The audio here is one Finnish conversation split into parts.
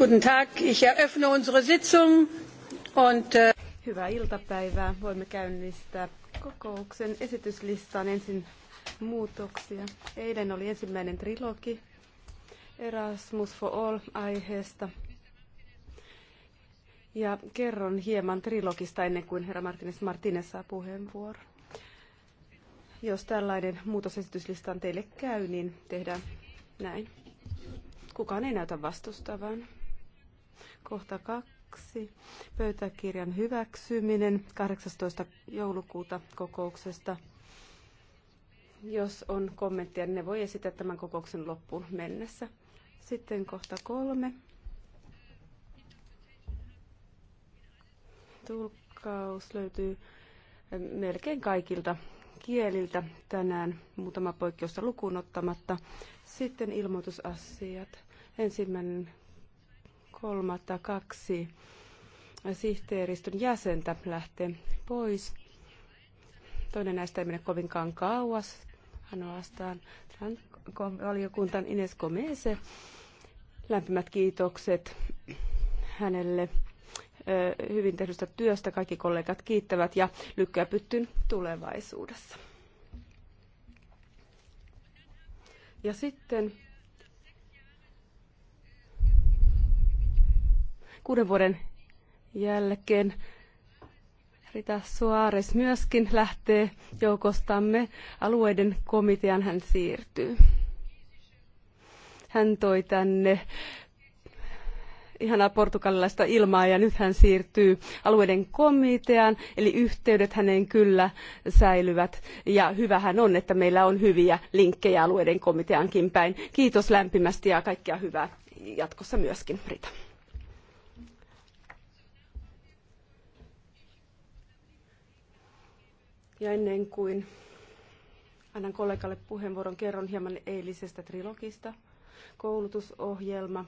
Guten Tag, ich eröffne unsere Sitzung und äh, Hyvää iltapäivää. Voimme käynnistää kokouksen esityslistaan ensin muutoksia. Eilen oli ensimmäinen trilogi Erasmus for All-aiheesta. Ja kerron hieman trilogista ennen kuin herra Martinez Martinez saa puheenvuoron. Jos tällainen muutosesityslistan teille käy, niin tehdään näin. Kukaan ei näytä vastustavan. Kohta kaksi. Pöytäkirjan hyväksyminen 18. joulukuuta kokouksesta. Jos on kommentteja, niin ne voi esittää tämän kokouksen loppuun mennessä. Sitten kohta kolme. Tulkkaus löytyy melkein kaikilta kieliltä tänään, muutama poikkeusta lukuun ottamatta. Sitten ilmoitusasiat. Ensimmäinen kolmatta kaksi sihteeristön jäsentä lähtee pois. Toinen näistä ei mene kovinkaan kauas, ainoastaan valiokuntan Ines Komese. Lämpimät kiitokset hänelle hyvin tehdystä työstä. Kaikki kollegat kiittävät ja lykkää pyttyn tulevaisuudessa. Ja sitten kuuden vuoden jälkeen. Rita Soares myöskin lähtee joukostamme. Alueiden komitean hän siirtyy. Hän toi tänne ihanaa portugalilaista ilmaa ja nyt hän siirtyy alueiden komiteaan, eli yhteydet häneen kyllä säilyvät. Ja hyvähän on, että meillä on hyviä linkkejä alueiden komiteankin päin. Kiitos lämpimästi ja kaikkea hyvää jatkossa myöskin, Rita. Ja ennen kuin annan kollegalle puheenvuoron, kerron hieman eilisestä trilogista. Koulutusohjelma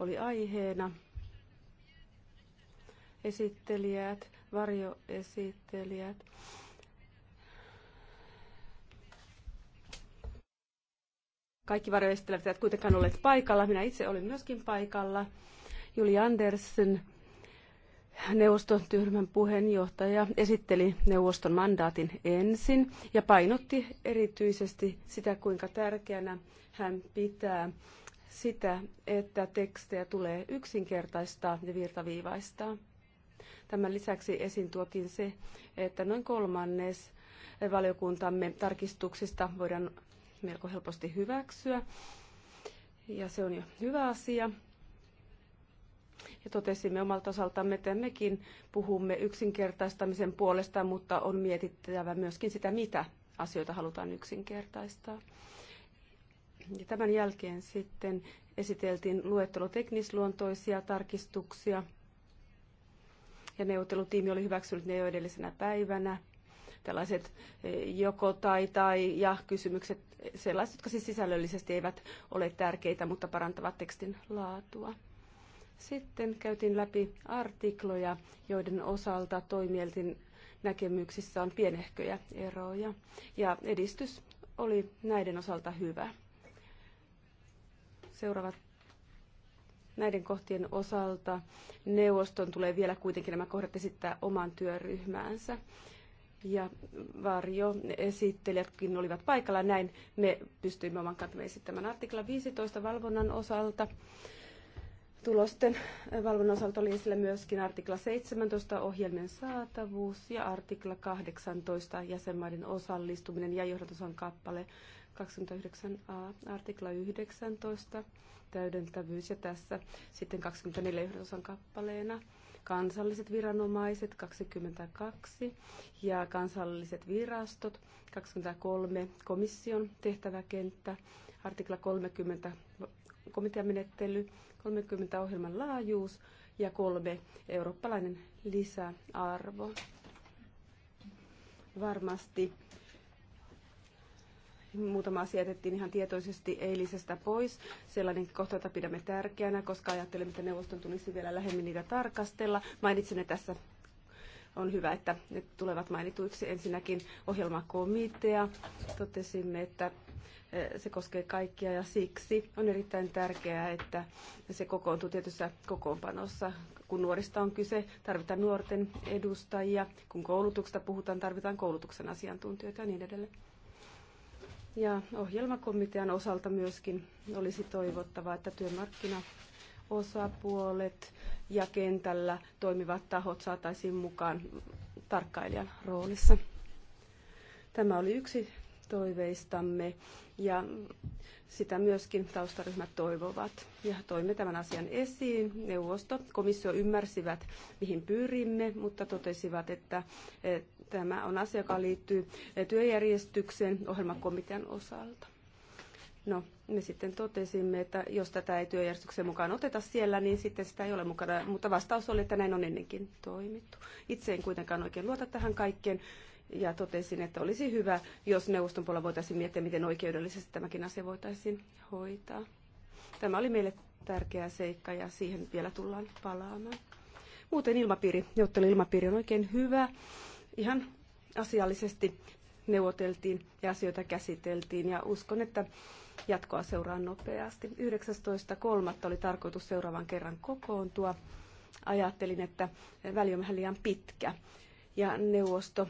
oli aiheena. Esittelijät, varjoesittelijät. Kaikki varjoesittelijät eivät kuitenkaan olleet paikalla. Minä itse olin myöskin paikalla. Juli Andersen neuvoston työryhmän puheenjohtaja esitteli neuvoston mandaatin ensin ja painotti erityisesti sitä, kuinka tärkeänä hän pitää sitä, että tekstejä tulee yksinkertaistaa ja virtaviivaistaa. Tämän lisäksi esiin tuotiin se, että noin kolmannes valiokuntamme tarkistuksista voidaan melko helposti hyväksyä, ja se on jo hyvä asia ja totesimme omalta osaltamme, että mekin puhumme yksinkertaistamisen puolesta, mutta on mietittävä myöskin sitä, mitä asioita halutaan yksinkertaistaa. Ja tämän jälkeen sitten esiteltiin luettelo teknisluontoisia tarkistuksia, ja neuvottelutiimi oli hyväksynyt ne jo edellisenä päivänä. Tällaiset e, joko tai tai ja kysymykset, sellaiset, jotka siis sisällöllisesti eivät ole tärkeitä, mutta parantavat tekstin laatua. Sitten käytiin läpi artikloja, joiden osalta toimieltin näkemyksissä on pienehköjä eroja. Ja edistys oli näiden osalta hyvä. Seuraavat näiden kohtien osalta neuvoston tulee vielä kuitenkin nämä kohdat esittää oman työryhmäänsä. Ja varjo esittelijätkin olivat paikalla, näin me pystyimme oman kantamme esittämään. Artikla 15 valvonnan osalta Tulosten valvonnan osalta oli esillä myöskin artikla 17 ohjelmien saatavuus ja artikla 18 jäsenmaiden osallistuminen ja johdatusan kappale 29a, artikla 19 täydentävyys ja tässä sitten 24 johdotusan kappaleena kansalliset viranomaiset 22 ja kansalliset virastot 23 komission tehtäväkenttä, artikla 30 komiteamenettely 30 ohjelman laajuus ja kolme eurooppalainen lisäarvo. Varmasti muutama asia jätettiin ihan tietoisesti eilisestä pois. Sellainen kohta, jota pidämme tärkeänä, koska ajattelemme, että neuvoston tulisi vielä lähemmin niitä tarkastella. Mainitsin ne tässä. On hyvä, että ne tulevat mainituiksi. Ensinnäkin ohjelmakomitea. Totesimme, että se koskee kaikkia ja siksi on erittäin tärkeää, että se kokoontuu tietyssä kokoonpanossa. Kun nuorista on kyse, tarvitaan nuorten edustajia. Kun koulutuksesta puhutaan, tarvitaan koulutuksen asiantuntijoita ja niin edelleen. Ja ohjelmakomitean osalta myöskin olisi toivottavaa, että työmarkkina osapuolet ja kentällä toimivat tahot saataisiin mukaan tarkkailijan roolissa. Tämä oli yksi toiveistamme ja sitä myöskin taustaryhmät toivovat. Ja toimme tämän asian esiin. Neuvosto, komissio ymmärsivät, mihin pyrimme, mutta totesivat, että eh, tämä on asia, joka liittyy eh, työjärjestyksen ohjelmakomitean osalta. No, me sitten totesimme, että jos tätä ei työjärjestyksen mukaan oteta siellä, niin sitten sitä ei ole mukana. Mutta vastaus oli, että näin on ennenkin toimittu. Itse en kuitenkaan oikein luota tähän kaikkeen ja totesin, että olisi hyvä, jos neuvoston puolella voitaisiin miettiä, miten oikeudellisesti tämäkin asia voitaisiin hoitaa. Tämä oli meille tärkeä seikka ja siihen vielä tullaan palaamaan. Muuten ilmapiiri, neuvottelu ilmapiiri on oikein hyvä. Ihan asiallisesti neuvoteltiin ja asioita käsiteltiin ja uskon, että jatkoa seuraa nopeasti. 19.3. oli tarkoitus seuraavan kerran kokoontua. Ajattelin, että väli on vähän liian pitkä ja neuvosto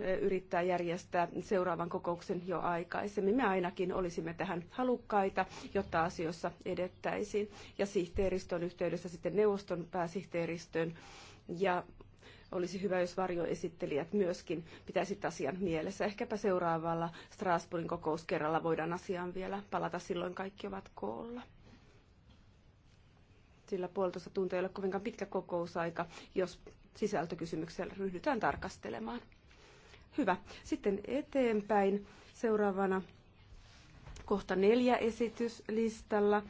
eh, yrittää järjestää seuraavan kokouksen jo aikaisemmin. Me ainakin olisimme tähän halukkaita, jotta asioissa edettäisiin. Ja sihteeristön yhteydessä sitten neuvoston pääsihteeristön ja olisi hyvä, jos varjoesittelijät myöskin pitäisivät asian mielessä. Ehkäpä seuraavalla Strasbourgin kokouskerralla voidaan asiaan vielä palata. Silloin kaikki ovat koolla sillä puolitoista tuntia ei ole kovinkaan pitkä kokousaika, jos sisältökysymyksellä ryhdytään tarkastelemaan. Hyvä. Sitten eteenpäin. Seuraavana kohta neljä esityslistalla.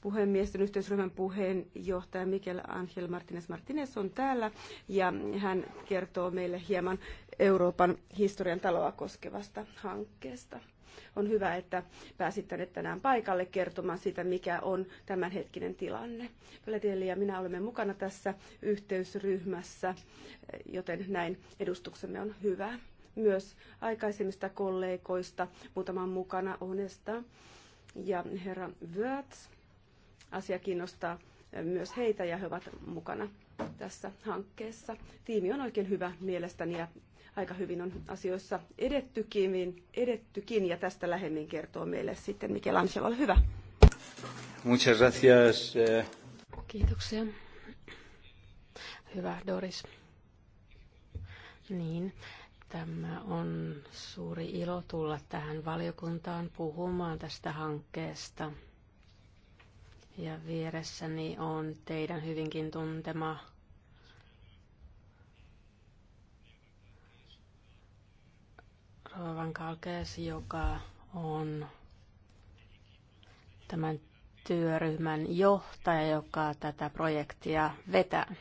Puhemiesten yhteisryhmän puheenjohtaja Mikel Angel Martinez Martinez on täällä ja hän kertoo meille hieman Euroopan historian taloa koskevasta hankkeesta. On hyvä, että pääsit tänne tänään paikalle kertomaan siitä, mikä on tämänhetkinen tilanne. Paleteli ja minä olemme mukana tässä yhteysryhmässä, joten näin edustuksemme on hyvä. Myös aikaisemmista kollegoista muutaman mukana Onesta ja herra Wörth. Asia kiinnostaa myös heitä ja he ovat mukana tässä hankkeessa. Tiimi on oikein hyvä mielestäni ja aika hyvin on asioissa edettykin, niin edettykin ja tästä lähemmin kertoo meille sitten Michelangelo. Ole hyvä. Muchas gracias. Eh. Kiitoksia. Hyvä Doris. Niin, tämä on suuri ilo tulla tähän valiokuntaan puhumaan tästä hankkeesta. Ja vieressäni on teidän hyvinkin tuntema Rovan Kalkes, joka on tämän työryhmän johtaja, joka tätä projektia vetää.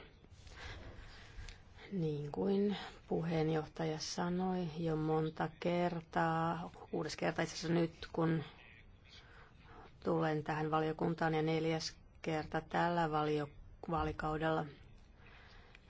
Niin kuin puheenjohtaja sanoi jo monta kertaa, kuudes kerta itse asiassa nyt, kun tulen tähän valiokuntaan ja neljäs kerta tällä valio- vaalikaudella –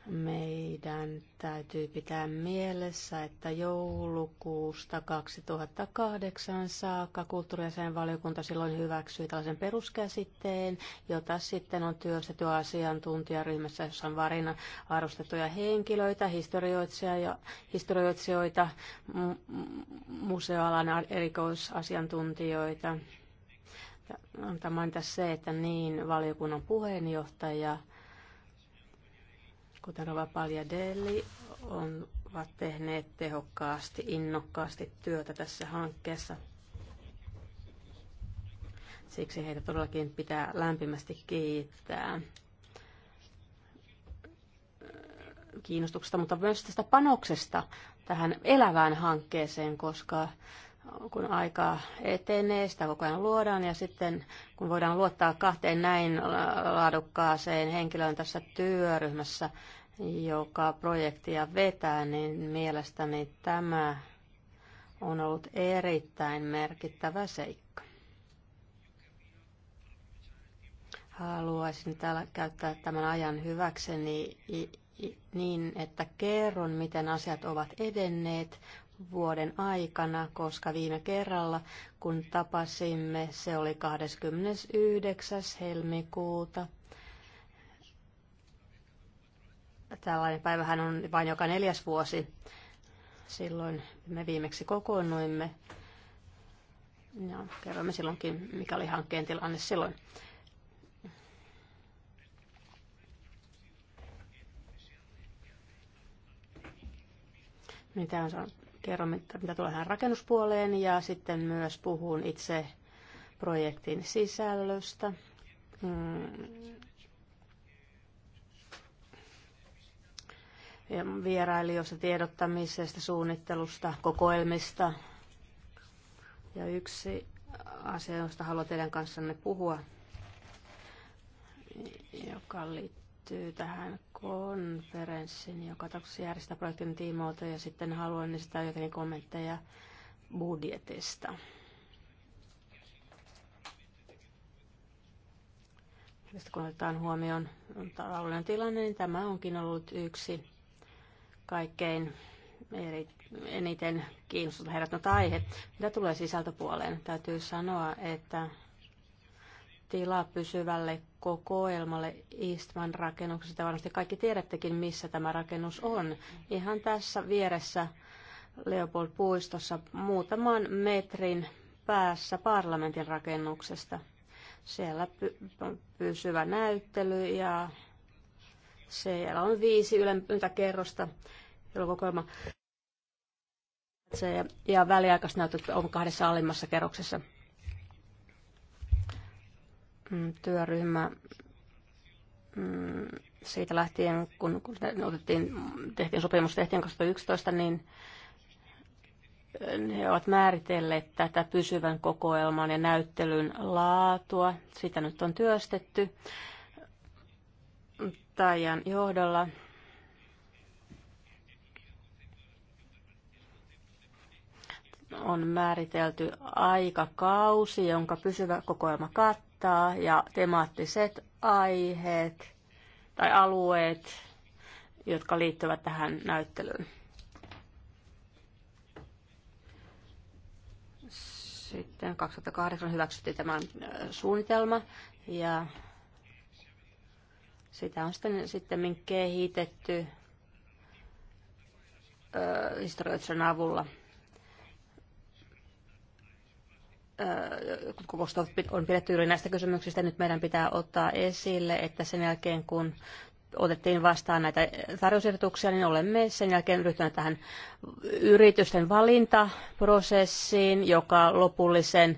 meidän täytyy pitää mielessä, että joulukuusta 2008 saakka kulttuurisen valiokunta silloin hyväksyi tällaisen peruskäsitteen, jota sitten on työstetty asiantuntijaryhmässä, jossa on varina arvostettuja henkilöitä, historioitsijoita, historioitsijoita museoalan erikoisasiantuntijoita. Tämä on tässä se, että niin valiokunnan puheenjohtaja – kuten Rova Paljadelli, on, ovat tehneet tehokkaasti, innokkaasti työtä tässä hankkeessa. Siksi heitä todellakin pitää lämpimästi kiittää kiinnostuksesta, mutta myös tästä panoksesta tähän elävään hankkeeseen, koska kun aika etenee, sitä koko ajan luodaan ja sitten kun voidaan luottaa kahteen näin laadukkaaseen henkilöön tässä työryhmässä, joka projektia vetää, niin mielestäni tämä on ollut erittäin merkittävä seikka. Haluaisin täällä käyttää tämän ajan hyväkseni niin, että kerron, miten asiat ovat edenneet, vuoden aikana, koska viime kerralla, kun tapasimme, se oli 29. helmikuuta. Tällainen päivähän on vain joka neljäs vuosi. Silloin me viimeksi kokoonnuimme ja kerroimme silloinkin, mikä oli hankkeen tilanne silloin. mitä on sanottu? kerron, mitä, mitä tulee tähän rakennuspuoleen ja sitten myös puhun itse projektin sisällöstä. Mm. vierailijoista, tiedottamisesta, suunnittelusta, kokoelmista. Ja yksi asia, josta haluan teidän kanssanne puhua, joka liittyy tähän konferenssin, joka tarkoitus järjestää projektin tiimoilta, ja sitten haluan niistä jotenkin kommentteja budjetista. Sitten kun otetaan huomioon taloudellinen tilanne, niin tämä onkin ollut yksi kaikkein eri, eniten kiinnostunut herättänyt aihe. Mitä tulee sisältöpuoleen, täytyy sanoa, että tilaa pysyvälle kokoelmalle Eastman rakennuksesta. Varmasti kaikki tiedättekin, missä tämä rakennus on. Ihan tässä vieressä Leopold puistossa muutaman metrin päässä parlamentin rakennuksesta. Siellä py- pysyvä näyttely ja siellä on viisi ylempää kerrosta, jolloin kokoelma ja väliaikaiset näytöt on kahdessa alimmassa kerroksessa. Mm, työryhmä mm, siitä lähtien, kun, kun otettiin, tehtiin sopimus tehtiin 2011, niin eh, he ovat määritelleet tätä pysyvän kokoelman ja näyttelyn laatua. Sitä nyt on työstetty Taijan johdolla. On määritelty aikakausi, jonka pysyvä kokoelma kattaa valvontaa ja temaattiset aiheet tai alueet, jotka liittyvät tähän näyttelyyn. Sitten 2008 hyväksyttiin tämä äh, suunnitelma ja sitä on sitten, sitten kehitetty äh, historioitsijan avulla – Äh, kokousta on pidetty juuri näistä kysymyksistä. Nyt meidän pitää ottaa esille, että sen jälkeen kun otettiin vastaan näitä tarjousehdotuksia, niin olemme sen jälkeen ryhtyneet tähän yritysten valintaprosessiin, joka lopullisen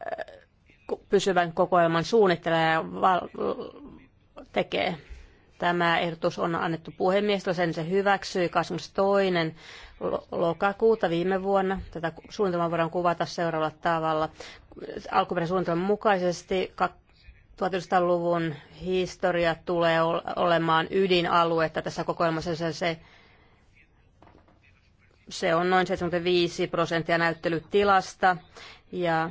äh, pysyvän kokoelman suunnittelee ja tekee. Tämä ehdotus on annettu puhemiestolle, sen se hyväksyi 22. lokakuuta viime vuonna. Tätä suunnitelmaa voidaan kuvata seuraavalla tavalla. Alkuperäisen suunnitelman mukaisesti 1900-luvun historia tulee olemaan ydinaluetta tässä kokoelmassa. Se, se on noin 75 prosenttia näyttelytilasta ja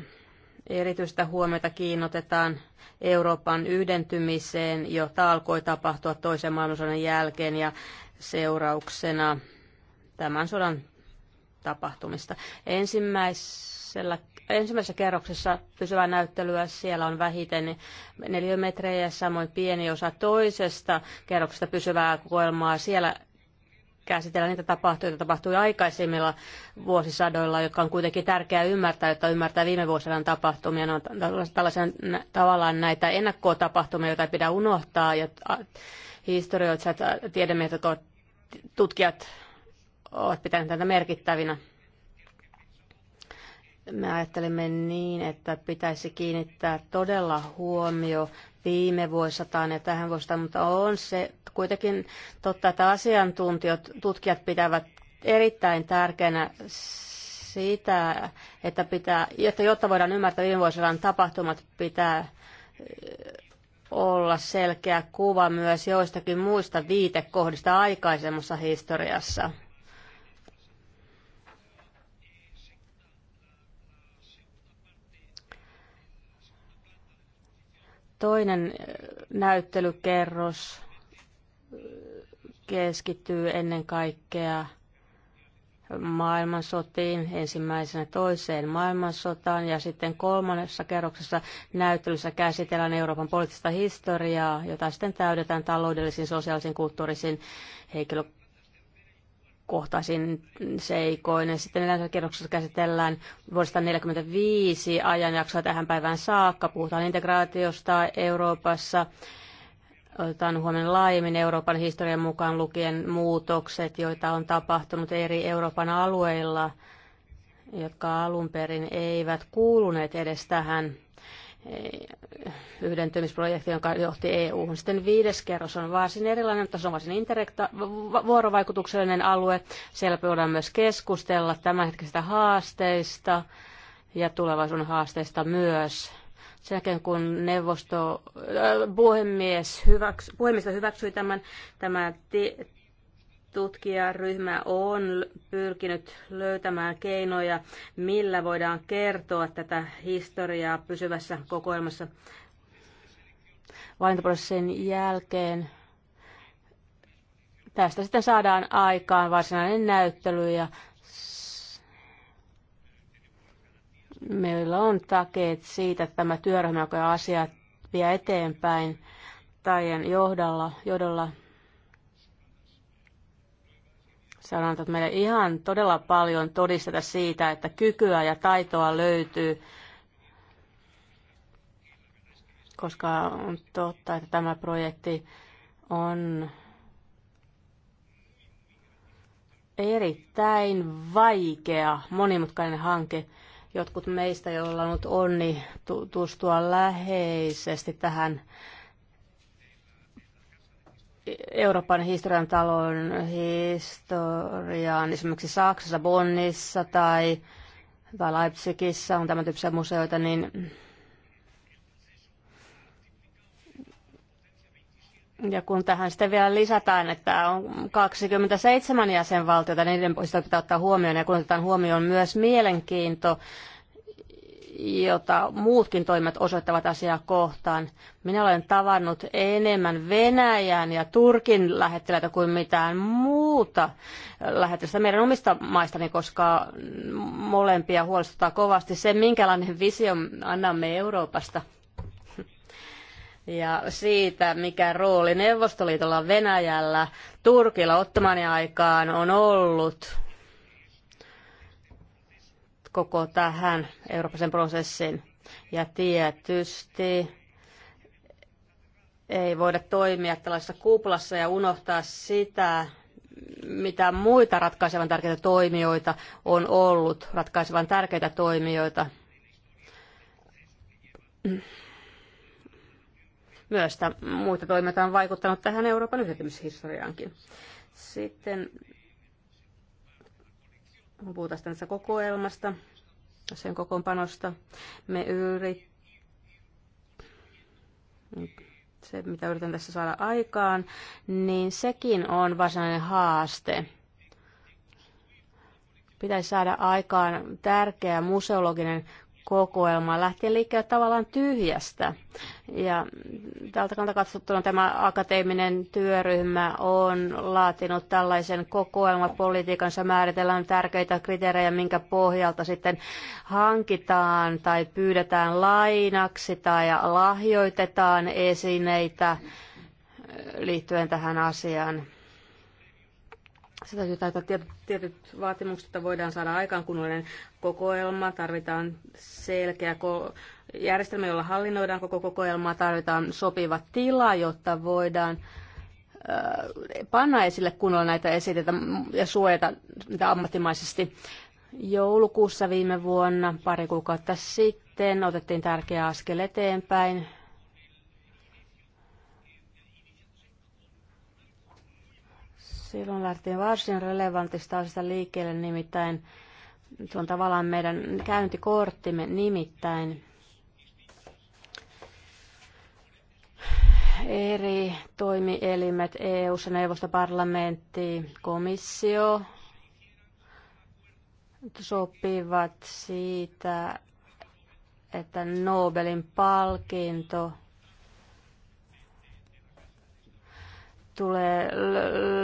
Erityistä huomiota kiinnotetaan Euroopan yhdentymiseen, jota alkoi tapahtua toisen maailmansodan jälkeen ja seurauksena tämän sodan tapahtumista. Ensimmäisellä ensimmäisessä kerroksessa pysyvää näyttelyä, siellä on vähiten neliömetrejä, samoin pieni osa toisesta kerroksesta pysyvää kokoelmaa, siellä käsitellä niitä tapahtumia, joita tapahtui aikaisemmilla vuosisadoilla, jotka on kuitenkin tärkeää ymmärtää, jotta ymmärtää viime vuosien tapahtumia. Ne on tällaisen, tavallaan näitä ennakkotapahtumia, joita ei pidä unohtaa, ja historioitsijat, tiedemiehet, tutkijat ovat pitäneet tätä merkittävinä. Me ajattelimme niin, että pitäisi kiinnittää todella huomio viime vuosisataan ja tähän vuosisataan, mutta on se kuitenkin totta, että asiantuntijat, tutkijat pitävät erittäin tärkeänä sitä, että, pitää, että jotta voidaan ymmärtää viime vuosisadan tapahtumat, pitää olla selkeä kuva myös joistakin muista viitekohdista aikaisemmassa historiassa. Toinen näyttelykerros keskittyy ennen kaikkea maailmansotiin, ensimmäisenä toiseen maailmansotaan ja sitten kolmannessa kerroksessa näyttelyssä käsitellään Euroopan poliittista historiaa, jota sitten täydetään taloudellisiin, sosiaalisiin, kulttuurisiin, henkilökohtaisiin kohtaisin seikoin. Ja sitten kerroksessa käsitellään vuodesta 1945 ajanjaksoa tähän päivään saakka. Puhutaan integraatiosta Euroopassa. Otetaan huomioon laajemmin Euroopan historian mukaan lukien muutokset, joita on tapahtunut eri Euroopan alueilla, jotka alun perin eivät kuuluneet edes tähän yhdentymisprojekti, joka johti EU-hun. Sitten viides kerros on varsin erilainen, mutta se on varsin vuorovaikutuksellinen alue. Siellä voidaan myös keskustella tämänhetkisistä haasteista ja tulevaisuuden haasteista myös. Sen jälkeen kun neuvosto, äh, puhemies hyväks, puhemies hyväksyi tämän, tämä Tutkijaryhmä on pyrkinyt löytämään keinoja, millä voidaan kertoa tätä historiaa pysyvässä kokoelmassa. Valintaprosessin jälkeen tästä sitten saadaan aikaan varsinainen näyttely ja meillä on takeet siitä, että tämä työryhmä, joka asiat vie eteenpäin, Tajen johdolla, johdolla Se on antanut meille ihan todella paljon todisteta siitä, että kykyä ja taitoa löytyy, koska on totta, että tämä projekti on erittäin vaikea, monimutkainen hanke. Jotkut meistä, joilla on ollut onni tutustua läheisesti tähän Euroopan historian talon historiaan, esimerkiksi Saksassa, Bonnissa tai, tai Leipzigissä on tämän tyyppisiä museoita, niin Ja kun tähän sitten vielä lisätään, että on 27 jäsenvaltiota, niin niiden pitää ottaa huomioon. Ja kun otetaan huomioon myös mielenkiinto jota muutkin toimet osoittavat asiaa kohtaan. Minä olen tavannut enemmän Venäjän ja Turkin lähettiläitä kuin mitään muuta lähettilästä meidän omista maistani, koska molempia huolestuttaa kovasti se, minkälainen visio annamme Euroopasta. Ja siitä, mikä rooli Neuvostoliitolla, Venäjällä, Turkilla ottamani aikaan on ollut koko tähän Euroopan prosessiin. Ja tietysti ei voida toimia tällaisessa kuplassa ja unohtaa sitä, mitä muita ratkaisevan tärkeitä toimijoita on ollut, ratkaisevan tärkeitä toimijoita. Myös muita toimijoita on vaikuttanut tähän Euroopan yhdistymishistoriaankin. Sitten kun puhutaan tästä kokoelmasta, sen kokoonpanosta, me yrit... se, mitä yritän tässä saada aikaan, niin sekin on varsinainen haaste. Pitäisi saada aikaan tärkeä museologinen Kokoelma lähtien liikkeelle tavallaan tyhjästä. Ja tältä kannalta katsottuna tämä akateeminen työryhmä on laatinut tällaisen kokoelmapolitiikansa, määritellään tärkeitä kriteerejä, minkä pohjalta sitten hankitaan tai pyydetään lainaksi tai lahjoitetaan esineitä liittyen tähän asiaan se täytyy täyttää tietyt vaatimukset, että voidaan saada aikaan kunnollinen kokoelma. Tarvitaan selkeä järjestelmä, jolla hallinnoidaan koko kokoelmaa. Tarvitaan sopiva tila, jotta voidaan äh, panna esille kunnolla näitä esitetä ja suojata niitä ammattimaisesti. Joulukuussa viime vuonna, pari kuukautta sitten, otettiin tärkeä askel eteenpäin Silloin lähtien varsin relevantista asiasta liikkeelle, nimittäin se on tavallaan meidän käyntikorttimme, nimittäin eri toimielimet, EU-ssa neuvostoparlamentti, komissio, sopivat siitä, että Nobelin palkinto – tulee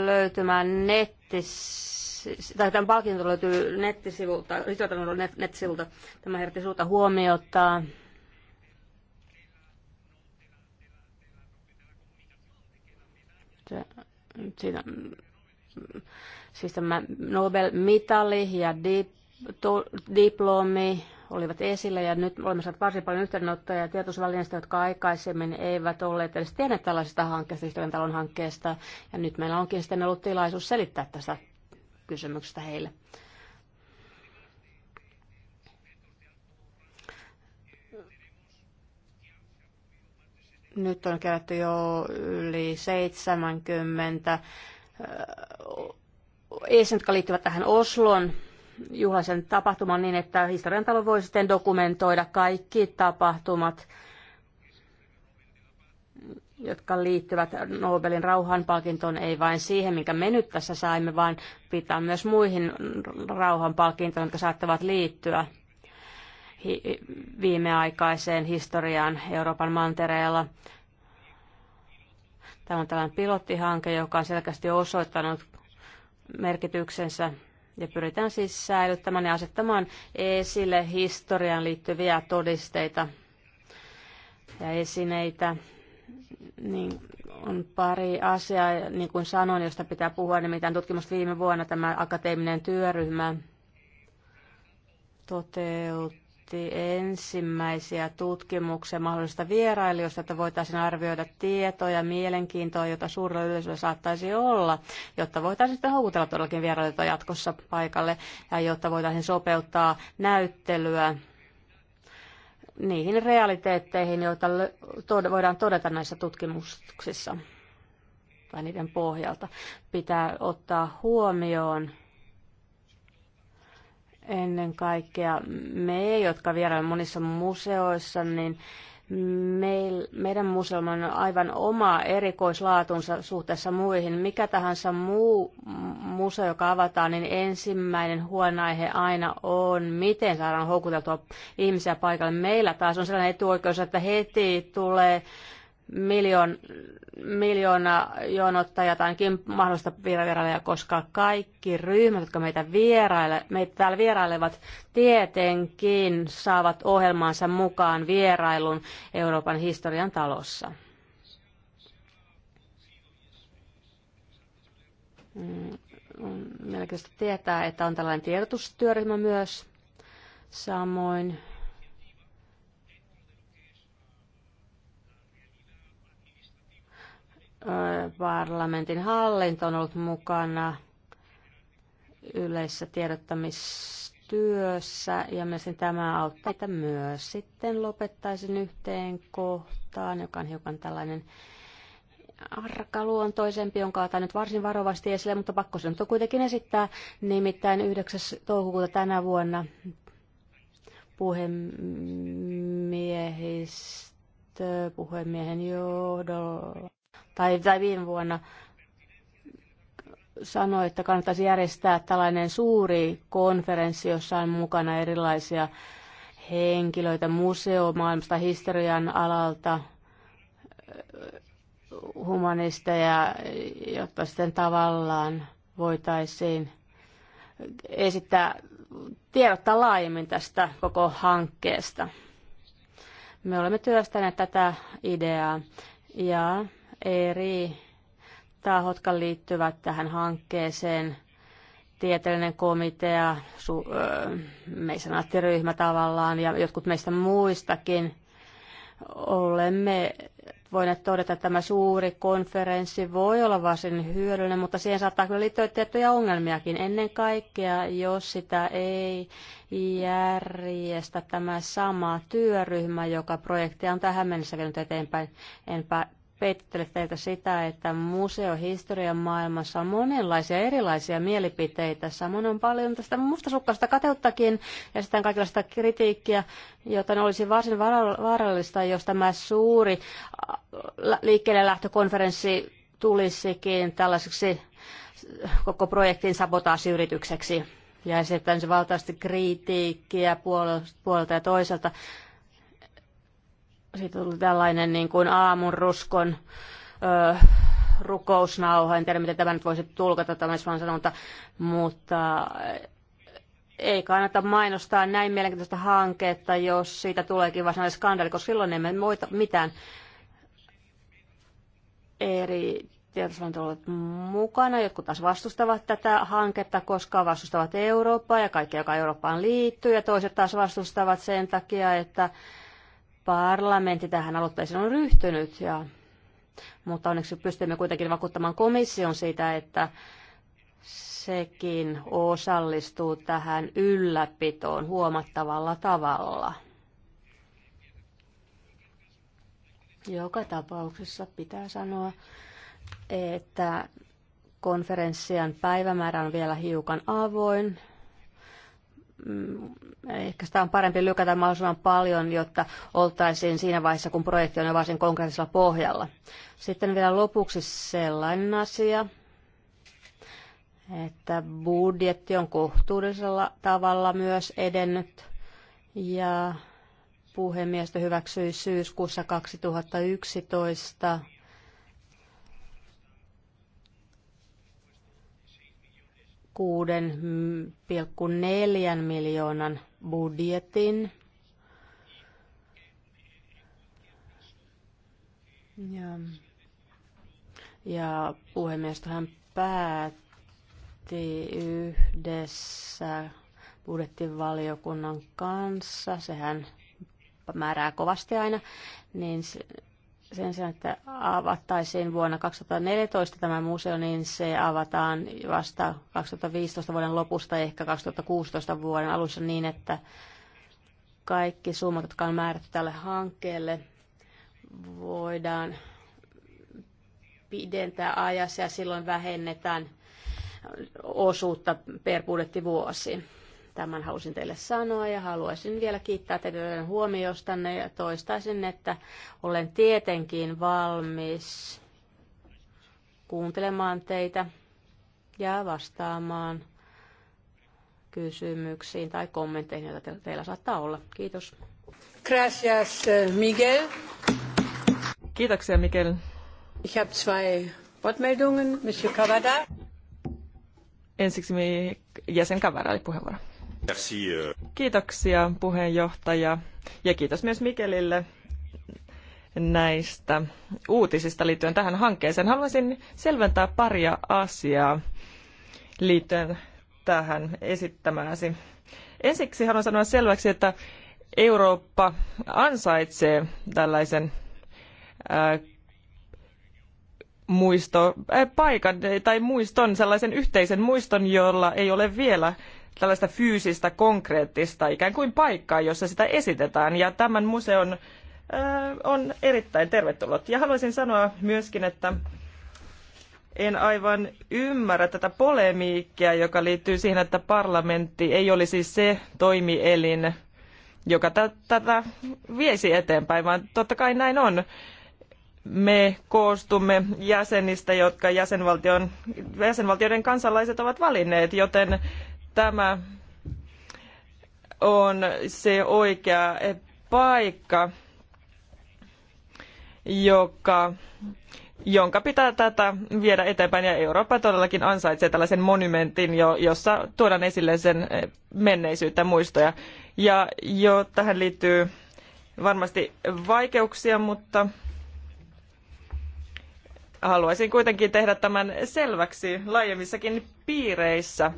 löytymään nettisivuilta tai tämän palkinto löytyy nettisivulta, lisätalouden nettisivulta. Tämä herätti suuta huomiota. Siinä, siis tämä Nobel-mitali ja dip, to, diplomi olivat esillä ja nyt olemme saaneet varsin paljon yhteydenottoja tiedotusvälineistä, jotka aikaisemmin eivät olleet edes tienneet tällaisesta hankkeesta, historian talon hankkeesta. Ja nyt meillä onkin sitten ollut tilaisuus selittää tästä kysymyksestä heille. Nyt on kerätty jo yli 70 esiin, jotka liittyvät tähän Oslon juhlaisen tapahtuman niin, että historian talo voi sitten dokumentoida kaikki tapahtumat, jotka liittyvät Nobelin rauhanpalkintoon, ei vain siihen, minkä me nyt tässä saimme, vaan pitää myös muihin rauhanpalkintoihin, jotka saattavat liittyä viimeaikaiseen historiaan Euroopan mantereella. Tämä on tällainen pilottihanke, joka on selkeästi osoittanut merkityksensä ja pyritään siis säilyttämään ja asettamaan esille historiaan liittyviä todisteita ja esineitä. Niin on pari asiaa, niin kuin sanoin, josta pitää puhua, nimittäin tutkimusta viime vuonna tämä akateeminen työryhmä toteutui tehtiin ensimmäisiä tutkimuksia mahdollisista vierailijoista, että voitaisiin arvioida tietoja, mielenkiintoa, jota suurella yleisöllä saattaisi olla, jotta voitaisiin sitten houkutella todellakin vierailijoita jatkossa paikalle ja jotta voitaisiin sopeuttaa näyttelyä niihin realiteetteihin, joita voidaan todeta näissä tutkimuksissa tai niiden pohjalta. Pitää ottaa huomioon ennen kaikkea me, jotka vierailemme monissa museoissa, niin meil, meidän museomme on aivan oma erikoislaatunsa suhteessa muihin. Mikä tahansa muu museo, joka avataan, niin ensimmäinen huonaihe aina on, miten saadaan houkuteltua ihmisiä paikalle. Meillä taas on sellainen etuoikeus, että heti tulee miljoon, miljoona jonottajaa tai ainakin mahdollista vierailijaa, koska kaikki ryhmät, jotka meitä, vieraile, meitä täällä vierailevat, tietenkin saavat ohjelmaansa mukaan vierailun Euroopan historian talossa. Mm, mielenkiintoista tietää, että on tällainen tiedotustyöryhmä myös. Samoin parlamentin hallinto on ollut mukana yleisessä tiedottamistyössä ja mielestäni tämä auttaa että myös. Sitten lopettaisin yhteen kohtaan, joka on hiukan tällainen arkaluontoisempi, jonka otan nyt varsin varovasti esille, mutta pakko se nyt on kuitenkin esittää. Nimittäin 9. toukokuuta tänä vuonna puhemiehistö, puhemiehen johdolla tai, tai viime vuonna sanoi, että kannattaisi järjestää tällainen suuri konferenssi, jossa on mukana erilaisia henkilöitä museomaailmasta, historian alalta, humanisteja, jotta sitten tavallaan voitaisiin esittää, tiedottaa laajemmin tästä koko hankkeesta. Me olemme työstäneet tätä ideaa ja eri tahot, jotka liittyvät tähän hankkeeseen, tieteellinen komitea, su- öö, meisenaattiryhmä tavallaan ja jotkut meistä muistakin, olemme voineet todeta, että tämä suuri konferenssi voi olla varsin hyödyllinen, mutta siihen saattaa kyllä liittyä tiettyjä ongelmiakin. Ennen kaikkea, jos sitä ei järjestä tämä sama työryhmä, joka projektia on tähän mennessä vienyt eteenpäin, en peittele teiltä sitä, että museohistorian maailmassa on monenlaisia erilaisia mielipiteitä. Samoin on paljon tästä mustasukkaista kateuttakin ja sitten kaikenlaista kritiikkiä, joten olisi varsin vaarallista, jos tämä suuri liikkeelle lähtökonferenssi tulisikin tällaiseksi koko projektin sabotaasiyritykseksi ja esittäisi valtavasti kritiikkiä puolelta ja toiselta. Sitten tuli tällainen niin kuin aamunruskon ö, rukousnauha. En tiedä, miten tämä nyt voisi tulkata tämä vaan sanonta, mutta ei kannata mainostaa näin mielenkiintoista hanketta, jos siitä tuleekin varsinainen skandaali, koska silloin emme voita mitään eri tiedotusvälineet ovat mukana. Jotkut taas vastustavat tätä hanketta, koska vastustavat Eurooppaa ja kaikki, joka Eurooppaan liittyy. Ja toiset taas vastustavat sen takia, että parlamentti tähän aloitteeseen on ryhtynyt, ja, mutta onneksi pystymme kuitenkin vakuuttamaan komission siitä, että sekin osallistuu tähän ylläpitoon huomattavalla tavalla. Joka tapauksessa pitää sanoa, että konferenssien päivämäärä on vielä hiukan avoin. Mm, ehkä sitä on parempi lykätä mahdollisimman paljon, jotta oltaisiin siinä vaiheessa, kun projekti on jo varsin konkreettisella pohjalla. Sitten vielä lopuksi sellainen asia, että budjetti on kohtuullisella tavalla myös edennyt ja puhemiestä hyväksyi syyskuussa 2011 6,4 miljoonan budjetin. Ja, ja puhemiestohan päätti yhdessä budjettivaliokunnan kanssa, sehän määrää kovasti aina, niin sen sijaan, että avattaisiin vuonna 2014 tämä museo, niin se avataan vasta 2015 vuoden lopusta, ehkä 2016 vuoden alussa niin, että kaikki summat, jotka on määrätty tälle hankkeelle, voidaan pidentää ajassa ja silloin vähennetään osuutta per budjettivuosi. Tämän halusin teille sanoa ja haluaisin vielä kiittää teidän huomiostanne ja toistaisin, että olen tietenkin valmis kuuntelemaan teitä ja vastaamaan kysymyksiin tai kommentteihin, joita teillä saattaa olla. Kiitos. Gracias, Miguel. Kiitoksia, Miguel. Ich habe zwei Wortmeldungen. Monsieur Cavada. Ensiksi jäsen Cavada oli puheenvuoro. Merci. Euh. Kiitoksia puheenjohtaja ja kiitos myös Mikelille näistä uutisista liittyen tähän hankkeeseen. Haluaisin selventää paria asiaa liittyen tähän esittämääsi. Ensiksi haluan sanoa selväksi, että Eurooppa ansaitsee tällaisen ää, äh, muisto, ää, äh, paikan tai muiston, sellaisen yhteisen muiston, jolla ei ole vielä tällaista fyysistä, konkreettista ikään kuin paikkaa, jossa sitä esitetään. Ja tämän museon äh, on erittäin tervetullut. Ja haluaisin sanoa myöskin, että en aivan ymmärrä tätä polemiikkia, joka liittyy siihen, että parlamentti ei olisi se toimielin, joka tätä viesi eteenpäin, vaan totta kai näin on. Me koostumme jäsenistä, jotka jäsenvaltion, jäsenvaltioiden kansalaiset ovat valinneet, joten tämä on se oikea paikka, joka, jonka pitää tätä viedä eteenpäin. Ja Eurooppa todellakin ansaitsee tällaisen monumentin, jossa tuodaan esille sen menneisyyttä muistoja. Ja jo tähän liittyy varmasti vaikeuksia, mutta haluaisin kuitenkin tehdä tämän selväksi laajemmissakin piireissä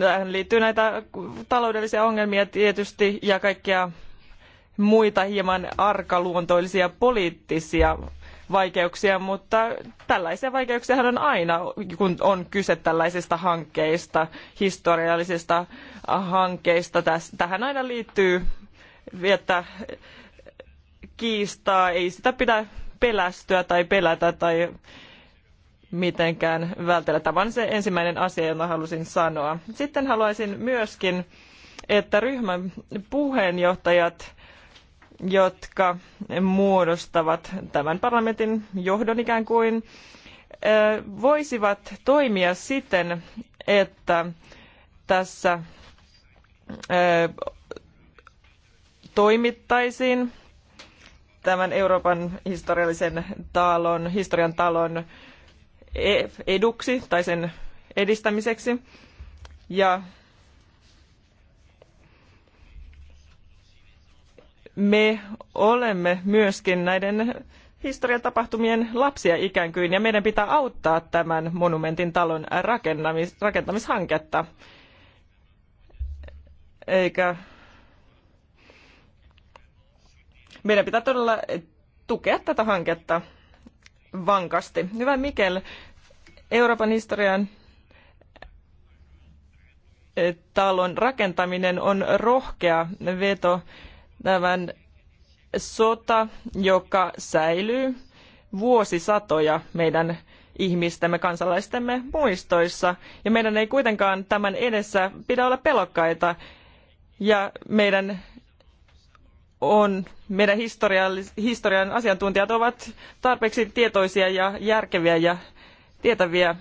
tähän liittyy näitä taloudellisia ongelmia tietysti ja kaikkia muita hieman arkaluontoisia poliittisia vaikeuksia, mutta tällaisia vaikeuksiahan on aina, kun on kyse tällaisista hankkeista, historiallisista hankkeista. Tähän aina liittyy, että kiistaa, ei sitä pidä pelästyä tai pelätä tai mitenkään vältellä. Tämä on se ensimmäinen asia, jota halusin sanoa. Sitten haluaisin myöskin, että ryhmän puheenjohtajat, jotka muodostavat tämän parlamentin johdon ikään kuin, voisivat toimia siten, että tässä toimittaisiin tämän Euroopan historiallisen talon, historian talon eduksi tai sen edistämiseksi. Ja me olemme myöskin näiden historiatapahtumien lapsia ikään kuin, ja meidän pitää auttaa tämän monumentin talon rakentamis- rakentamishanketta. Eikä meidän pitää todella tukea tätä hanketta vankasti. Hyvä Mikel, Euroopan historian eh, talon rakentaminen on rohkea veto tämän sota, joka säilyy vuosisatoja meidän ihmistemme, kansalaistemme muistoissa. Ja meidän ei kuitenkaan tämän edessä pidä olla pelokkaita. Ja meidän on, meidän historian asiantuntijat ovat tarpeeksi tietoisia ja järkeviä ja tietäviä.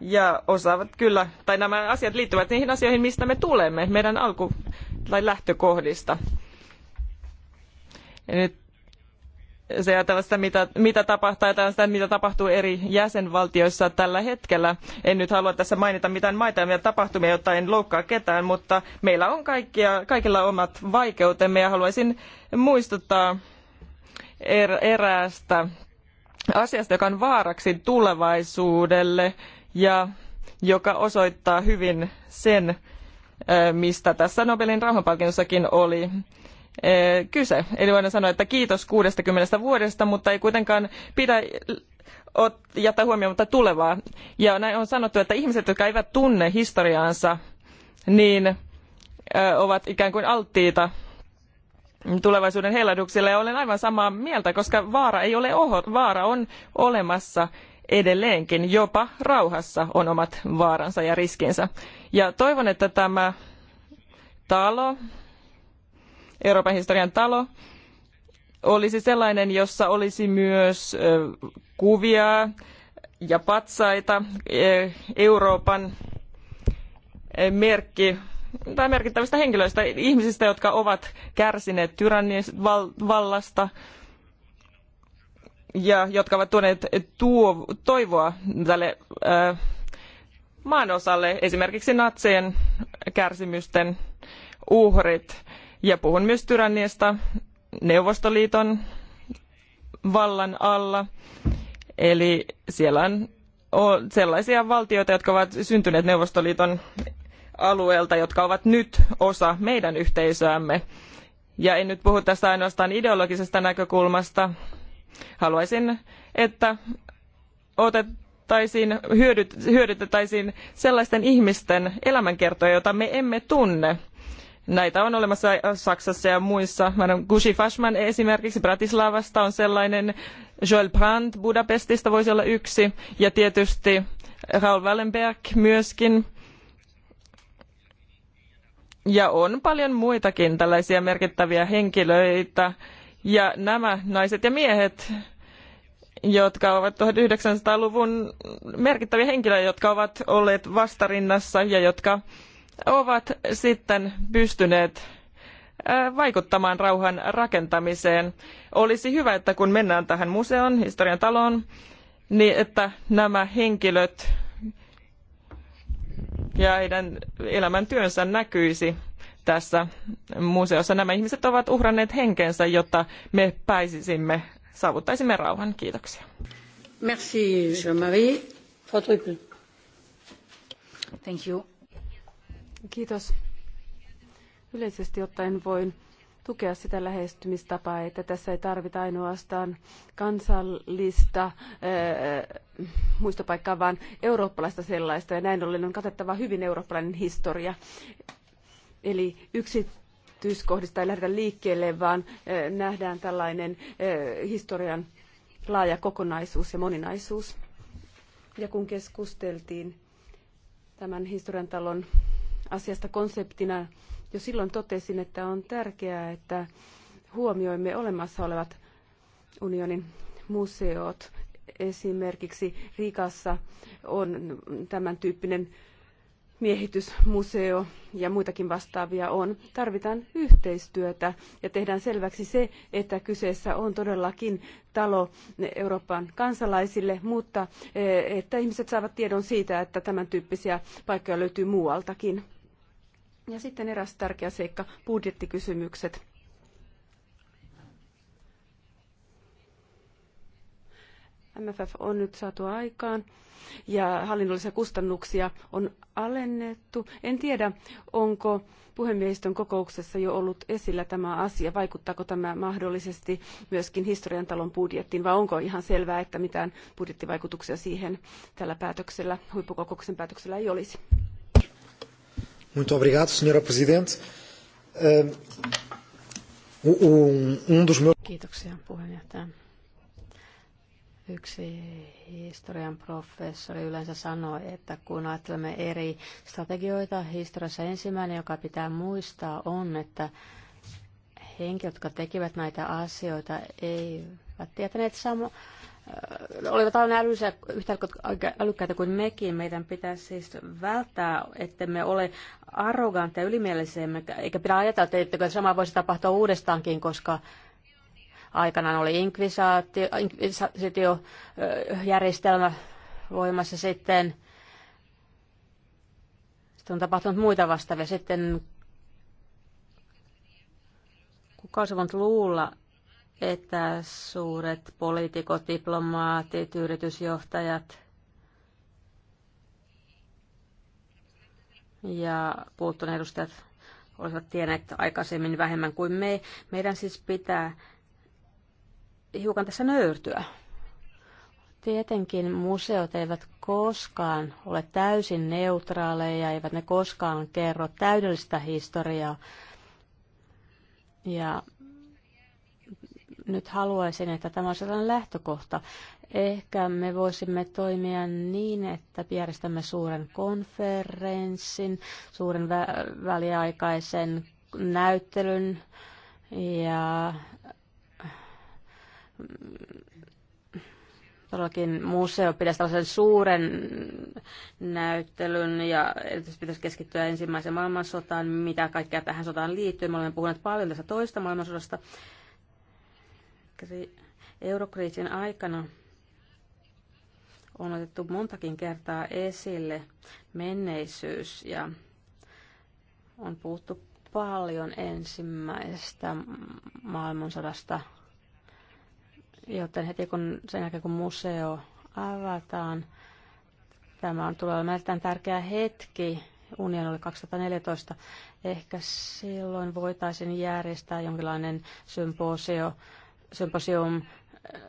Ja osaavat kyllä, tai nämä asiat liittyvät niihin asioihin, mistä me tulemme, meidän alku- tai lähtökohdista. Ja nyt se ja tällaista, mitä, mitä tapahtuu, ajatellaan mitä tapahtuu eri jäsenvaltioissa tällä hetkellä. En nyt halua tässä mainita mitään maita ja tapahtumia, jotta en loukkaa ketään, mutta meillä on kaikkia, kaikilla omat vaikeutemme ja haluaisin muistuttaa er, eräästä asiasta, joka on vaaraksi tulevaisuudelle ja joka osoittaa hyvin sen, äh, mistä tässä Nobelin rauhanpalkinnossakin oli kyse. Eli voidaan sanoa, että kiitos 60 vuodesta, mutta ei kuitenkaan pidä jättää mutta tulevaa. Ja näin on sanottu, että ihmiset, jotka eivät tunne historiaansa, niin ovat ikään kuin alttiita tulevaisuuden heilahduksille. Ja olen aivan samaa mieltä, koska vaara ei ole oho, vaara on olemassa edelleenkin. Jopa rauhassa on omat vaaransa ja riskinsä. Ja toivon, että tämä talo Euroopan historian talo olisi sellainen, jossa olisi myös kuvia ja patsaita e, Euroopan e, merkki tai merkittävistä henkilöistä, ihmisistä, jotka ovat kärsineet tyrannivallasta ja jotka ovat tuoneet tuo, toivoa tälle maanosalle, esimerkiksi natsien kärsimysten uhrit ja puhun myös tyranniasta Neuvostoliiton vallan alla. Eli siellä on sellaisia valtioita, jotka ovat syntyneet Neuvostoliiton alueelta, jotka ovat nyt osa meidän yhteisöämme. Ja en nyt puhu tästä ainoastaan ideologisesta näkökulmasta. Haluaisin, että otettaisiin, hyödyt, hyödytettäisiin sellaisten ihmisten elämänkertoja, joita me emme tunne. Näitä on olemassa Saksassa ja muissa. Gushi Fashman esimerkiksi Bratislavasta on sellainen, Joel Brandt Budapestista voisi olla yksi ja tietysti Raul Wallenberg myöskin. Ja on paljon muitakin tällaisia merkittäviä henkilöitä. Ja nämä naiset ja miehet, jotka ovat 1900-luvun merkittäviä henkilöitä, jotka ovat olleet vastarinnassa ja jotka ovat sitten pystyneet vaikuttamaan rauhan rakentamiseen. Olisi hyvä, että kun mennään tähän museon, historian taloon, niin että nämä henkilöt ja heidän elämäntyönsä näkyisi tässä museossa. Nämä ihmiset ovat uhranneet henkensä, jotta me pääsisimme, saavuttaisimme rauhan. Kiitoksia. Merci Jean-Marie. Thank you. Kiitos. Yleisesti ottaen voin tukea sitä lähestymistapaa, että tässä ei tarvita ainoastaan kansallista ää, eh, muistopaikkaa, vaan eurooppalaista sellaista, ja näin ollen on katettava hyvin eurooppalainen historia. Eli yksityiskohdista ei lähdetä liikkeelle, vaan ää, eh, nähdään tällainen ää, eh, historian laaja kokonaisuus ja moninaisuus. Ja kun keskusteltiin tämän historian talon asiasta konseptina jo silloin totesin, että on tärkeää, että huomioimme olemassa olevat unionin museot. Esimerkiksi Rikassa on tämän tyyppinen miehitysmuseo ja muitakin vastaavia on. Tarvitaan yhteistyötä ja tehdään selväksi se, että kyseessä on todellakin talo Euroopan kansalaisille, mutta eh, että ihmiset saavat tiedon siitä, että tämän tyyppisiä paikkoja löytyy muualtakin. Ja sitten eräs tärkeä seikka, budjettikysymykset. MFF on nyt saatu aikaan ja hallinnollisia kustannuksia on alennettu. En tiedä, onko puhemiehistön kokouksessa jo ollut esillä tämä asia, vaikuttaako tämä mahdollisesti myöskin historian talon budjettiin, vai onko ihan selvää, että mitään budjettivaikutuksia siihen tällä päätöksellä, huippukokouksen päätöksellä ei olisi? Muito obrigado, senhora presidente. Um um dos meus... Kiitoksia puheenjohtaja. Yksi historian professori yleensä sanoi, että kun ajattelemme eri strategioita historiassa, ensimmäinen, joka pitää muistaa, on, että henkilöt, jotka tekivät näitä asioita, eivät tietäneet samaa olivat aina yhtä älykkäitä kuin mekin. Meidän pitäisi siis välttää, että me ole arrogantteja ylimielisiä, eikä pidä ajatella, että sama voisi tapahtua uudestaankin, koska aikanaan oli järjestelmä voimassa sitten. Sitten on tapahtunut muita vastaavia. Sitten kuka olisi voinut luulla, että suuret poliitikot, diplomaatit, yritysjohtajat ja puuttuneen edustajat olisivat tienneet aikaisemmin vähemmän kuin me. Meidän siis pitää hiukan tässä nöyrtyä. Tietenkin museot eivät koskaan ole täysin neutraaleja, eivät ne koskaan kerro täydellistä historiaa. Ja nyt haluaisin, että tämä on sellainen lähtökohta. Ehkä me voisimme toimia niin, että järjestämme suuren konferenssin, suuren vä- väliaikaisen näyttelyn ja mm, todellakin museo pitäisi tällaisen suuren näyttelyn ja erityisesti pitäisi keskittyä ensimmäiseen maailmansotaan, mitä kaikkea tähän sotaan liittyy. Me olemme puhuneet paljon tästä toista maailmansodasta eurokriisin aikana on otettu montakin kertaa esille menneisyys ja on puhuttu paljon ensimmäisestä maailmansodasta, joten heti kun sen jälkeen kun museo avataan, tämä on tulee olemaan erittäin tärkeä hetki union oli 2014. Ehkä silloin voitaisiin järjestää jonkinlainen symposio symposium, eh,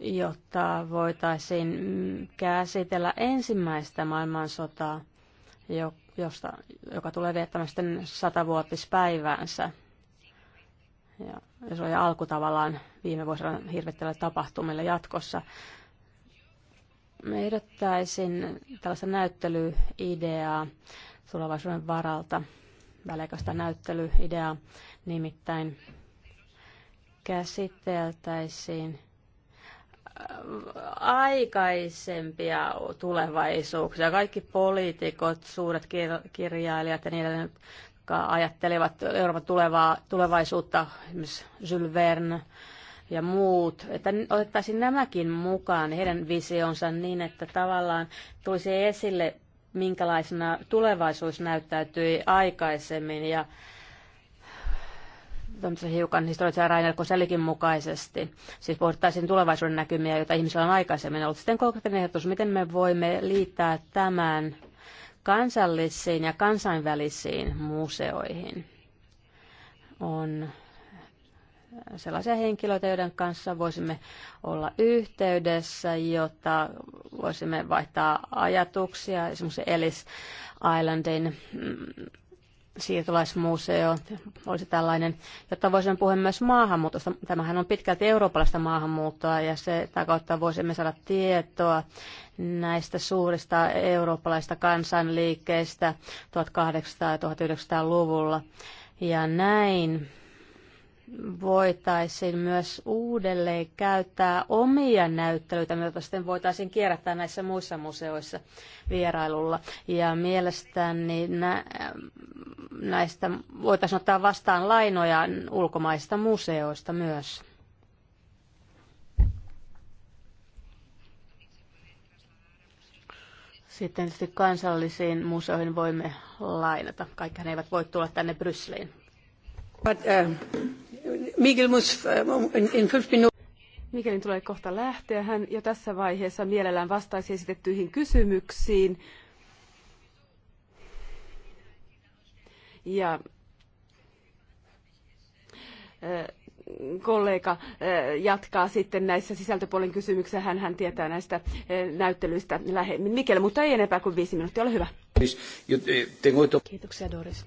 jotta voitaisiin käsitellä ensimmäistä maailmansotaa, josta, joka tulee viettämään sitten satavuotispäiväänsä. Ja se oli alku tavallaan viime vuosina hirvittävällä tapahtumilla jatkossa. Me ehdottaisin tällaista näyttelyideaa tulevaisuuden varalta, väliaikaista näyttelyideaa, nimittäin käsiteltäisiin äh, aikaisempia tulevaisuuksia. Kaikki poliitikot, suuret kirjailijat ja niiden, jotka ajattelevat Euroopan tulevaa, tulevaisuutta, esimerkiksi Jules Verne ja muut, että otettaisiin nämäkin mukaan, heidän visionsa niin, että tavallaan tulisi esille, minkälaisena tulevaisuus näyttäytyi aikaisemmin ja hiukan historiallisen Rainer Koselikin mukaisesti. Siis pohdittaisiin tulevaisuuden näkymiä, joita ihmisillä on aikaisemmin ollut. Sitten konkreettinen ehdotus, miten me voimme liittää tämän kansallisiin ja kansainvälisiin museoihin. On sellaisia henkilöitä, joiden kanssa voisimme olla yhteydessä, jotta voisimme vaihtaa ajatuksia. Esimerkiksi Ellis Islandin mm, siirtolaismuseo olisi tällainen, jotta voisimme puhua myös maahanmuutosta. Tämähän on pitkälti eurooppalaista maahanmuuttoa ja se sitä kautta voisimme saada tietoa näistä suurista eurooppalaista kansanliikkeistä 1800- ja 1900-luvulla. Ja näin voitaisiin myös uudelleen käyttää omia näyttelyitä, joita sitten voitaisiin kierrättää näissä muissa museoissa vierailulla. Ja mielestäni nä- näistä voitaisiin ottaa vastaan lainoja ulkomaista museoista myös. Sitten tietysti kansallisiin museoihin voimme lainata. Kaikkihan eivät voi tulla tänne Brysseliin. But, uh... Miguel muss äh, in fünf Minuten. tulee kohta lähteä. Hän jo tässä vaiheessa mielellään vastaisi esitettyihin kysymyksiin. Ja äh, kollega äh, jatkaa sitten näissä sisältöpuolen kysymyksissä. Hän, hän tietää näistä näyttelyistä lähemmin. Mikkel, mutta ei enempää kuin viisi minuuttia. Ole hyvä. Siis, eh, Kiitoksia Doris.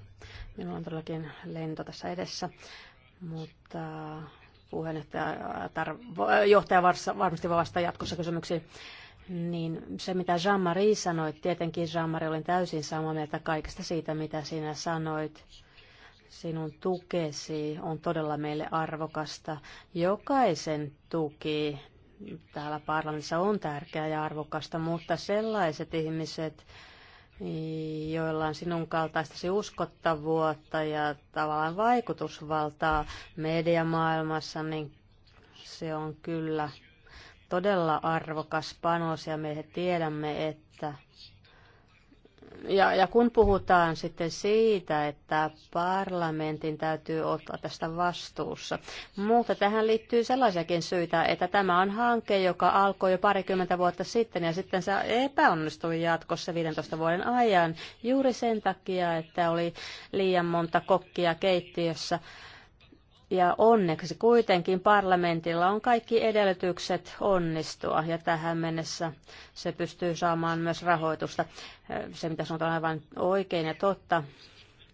Minulla on todellakin lento tässä edessä mutta puheenjohtaja, tar- äh, johtaja varmasti vastaa jatkossa kysymyksiin. Niin se, mitä Jean-Marie sanoi, tietenkin Jean-Marie olin täysin samaa mieltä kaikesta siitä, mitä sinä sanoit. Sinun tukesi on todella meille arvokasta. Jokaisen tuki täällä parlamentissa on tärkeää ja arvokasta, mutta sellaiset ihmiset, joilla on sinun kaltaistasi uskottavuutta ja tavallaan vaikutusvaltaa mediamaailmassa, niin se on kyllä todella arvokas panos ja me tiedämme, että ja, ja kun puhutaan sitten siitä, että parlamentin täytyy ottaa tästä vastuussa, mutta tähän liittyy sellaisiakin syitä, että tämä on hanke, joka alkoi jo parikymmentä vuotta sitten ja sitten se epäonnistui jatkossa 15 vuoden ajan juuri sen takia, että oli liian monta kokkia keittiössä. Ja onneksi kuitenkin parlamentilla on kaikki edellytykset onnistua ja tähän mennessä se pystyy saamaan myös rahoitusta. Se mitä sanotaan on aivan oikein ja totta.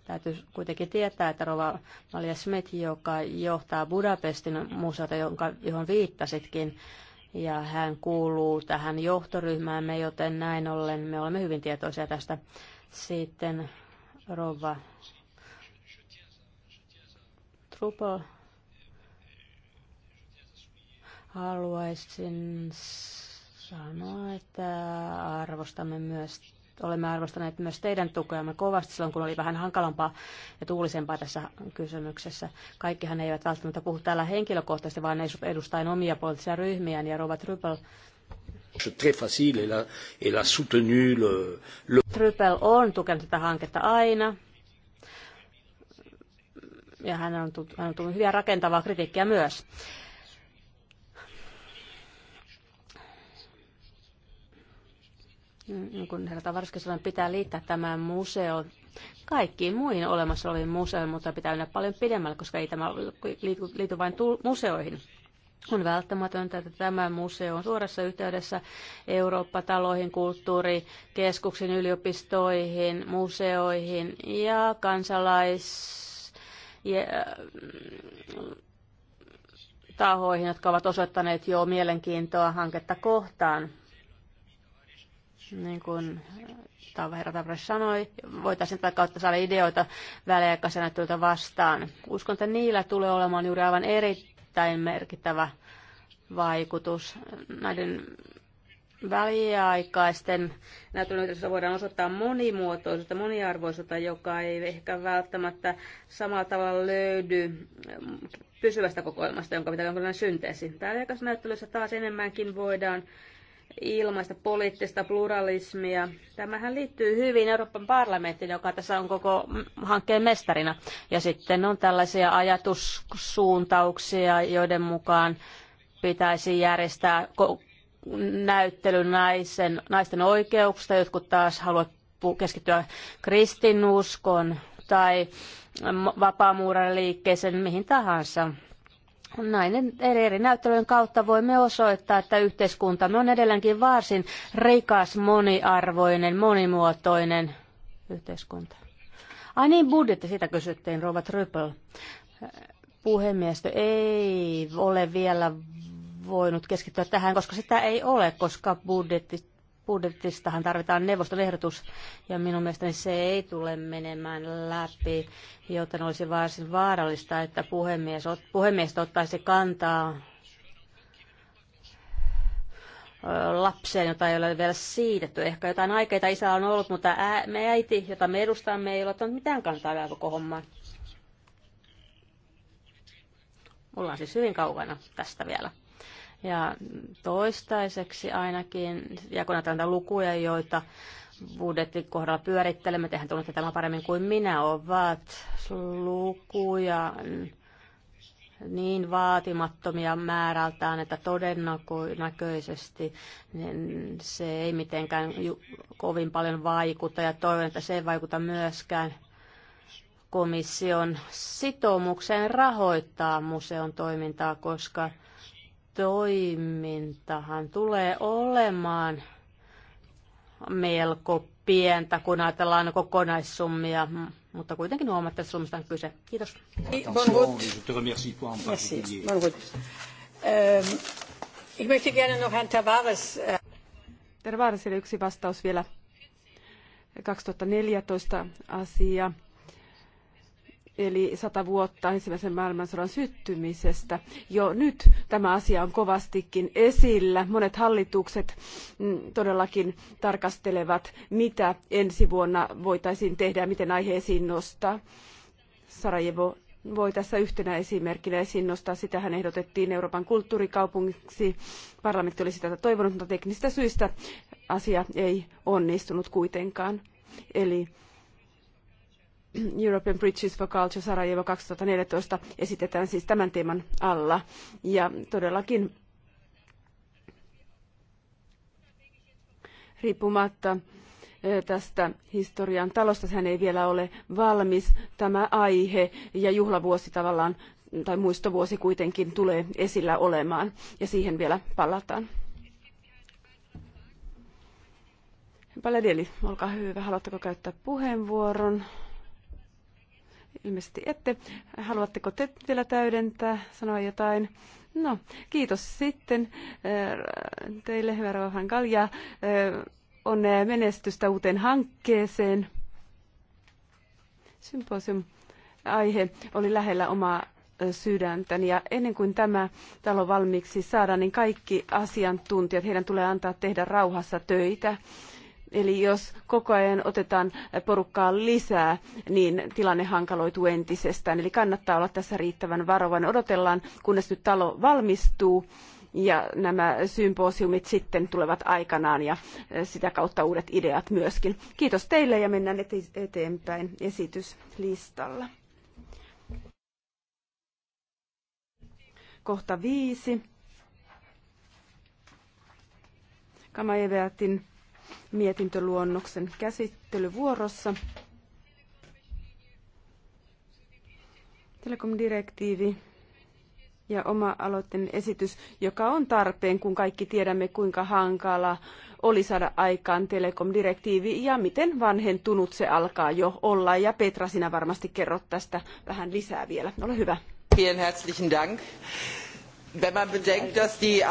Täytyy kuitenkin tietää, että Rova Malia Smith, joka johtaa Budapestin museota, johon viittasitkin, ja hän kuuluu tähän johtoryhmäämme, joten näin ollen me olemme hyvin tietoisia tästä. Sitten Rova Trupa. Haluaisin sanoa, että arvostamme myös olemme arvostaneet myös teidän tukeamme kovasti silloin, kun oli vähän hankalampaa ja tuulisempaa tässä kysymyksessä. Kaikkihan eivät välttämättä puhu täällä henkilökohtaisesti, vaan edustaen omia poliittisia ryhmiään ja Robert Rypel très facile et l'a soutenu le, le... Trypel on tukenut tätä hanketta aina ja hän on tullut, hän on tullut hyviä rakentavaa kritiikkiä myös. Niin mm, kuin herra Tavariski sanoi, pitää liittää tämä museo kaikkiin muihin olemassa oleviin museoihin, mutta pitää mennä paljon pidemmälle, koska ei tämä liity, liity vain museoihin. On välttämätöntä, että tämä museo on suorassa yhteydessä Eurooppa-taloihin, kulttuurikeskuksiin, yliopistoihin, museoihin ja kansalais Mm, tahoihin, jotka ovat osoittaneet jo mielenkiintoa hanketta kohtaan. Niin kuin herra Tavres sanoi, voitaisiin vaikka kautta saada ideoita väliaikaisena vastaan. Uskon, että niillä tulee olemaan juuri aivan erittäin merkittävä vaikutus näiden väliaikaisten näytelmien voidaan osoittaa monimuotoisuutta, moniarvoisuutta, joka ei ehkä välttämättä samalla tavalla löydy pysyvästä kokoelmasta, jonka pitää jonkinlainen synteesi. Väliaikaisessa näyttelyssä taas enemmänkin voidaan ilmaista poliittista pluralismia. Tämähän liittyy hyvin Euroopan parlamenttiin, joka tässä on koko hankkeen mestarina. Ja sitten on tällaisia ajatussuuntauksia, joiden mukaan pitäisi järjestää näyttely naisen, naisten oikeuksista, jotkut taas haluavat keskittyä kristinuskon tai vapaamuurariliikkeeseen, mihin tahansa. Näiden eri näyttelyjen kautta voimme osoittaa, että yhteiskuntamme on edelleenkin varsin rikas, moniarvoinen, monimuotoinen yhteiskunta. Ai niin, budjetti, sitä kysyttiin, Rova Trypel. Puhemiestö ei ole vielä voinut keskittyä tähän, koska sitä ei ole, koska budjetti, budjettistahan tarvitaan neuvoston ehdotus, ja minun mielestäni se ei tule menemään läpi, joten olisi varsin vaarallista, että puhemies, puhemies ottaisi kantaa lapseen, jota ei ole vielä siitetty. Ehkä jotain aikeita isä on ollut, mutta ää, me äiti, jota me edustamme, ei ole ottanut mitään kantaa vielä koko hommaan. Ollaan siis hyvin kaukana tästä vielä. Ja toistaiseksi ainakin, ja kun näitä lukuja, joita budjetin kohdalla pyörittelemme, tehän tunnette tämä paremmin kuin minä, ovat lukuja niin vaatimattomia määrältään, että todennäköisesti niin se ei mitenkään kovin paljon vaikuta ja toivon, että se ei vaikuta myöskään komission sitoumukseen rahoittaa museon toimintaa, koska toimintahan tulee olemaan melko pientä, kun ajatellaan kokonaissummia, mutta kuitenkin huomattavasti summista on kyse. Kiitos. Bon route. Bon yksi vastaus vielä. 2014 asia eli sata vuotta ensimmäisen maailmansodan syttymisestä. Jo nyt tämä asia on kovastikin esillä. Monet hallitukset mm, todellakin tarkastelevat, mitä ensi vuonna voitaisiin tehdä ja miten aiheisiin nostaa. Sarajevo voi tässä yhtenä esimerkkinä esiin nostaa. Sitähän ehdotettiin Euroopan kulttuurikaupungiksi. Parlamentti oli sitä toivonut, mutta teknisistä syistä asia ei onnistunut kuitenkaan. Eli European Bridges for Culture Sarajevo 2014 esitetään siis tämän teeman alla. Ja todellakin riippumatta tästä historian talosta, hän ei vielä ole valmis tämä aihe ja juhlavuosi tavallaan tai muistovuosi kuitenkin tulee esillä olemaan ja siihen vielä palataan. Paladeli, olkaa hyvä. Haluatteko käyttää puheenvuoron? Ilmeisesti ette. Haluatteko te vielä täydentää, sanoa jotain? No, kiitos sitten eh, teille, hyvä Rauhan Kalja. Eh, On menestystä uuteen hankkeeseen. Symposium aihe oli lähellä omaa eh, sydäntäni. Ja ennen kuin tämä talo valmiiksi saadaan, niin kaikki asiantuntijat, heidän tulee antaa tehdä rauhassa töitä. Eli jos koko ajan otetaan porukkaa lisää, niin tilanne hankaloituu entisestään. Eli kannattaa olla tässä riittävän varovainen. Odotellaan, kunnes nyt talo valmistuu ja nämä symposiumit sitten tulevat aikanaan ja sitä kautta uudet ideat myöskin. Kiitos teille ja mennään eteenpäin esityslistalla. Kohta viisi. Kamaeveatin mietintöluonnoksen käsittelyvuorossa. Telekom-direktiivi ja oma aloitteen esitys, joka on tarpeen, kun kaikki tiedämme, kuinka hankala oli saada aikaan telekomdirektiivi ja miten vanhentunut se alkaa jo olla. Ja Petra, sinä varmasti kerrot tästä vähän lisää vielä. Ole hyvä. Vielen herzlichen Dank. Wenn man bedenkt, dass die...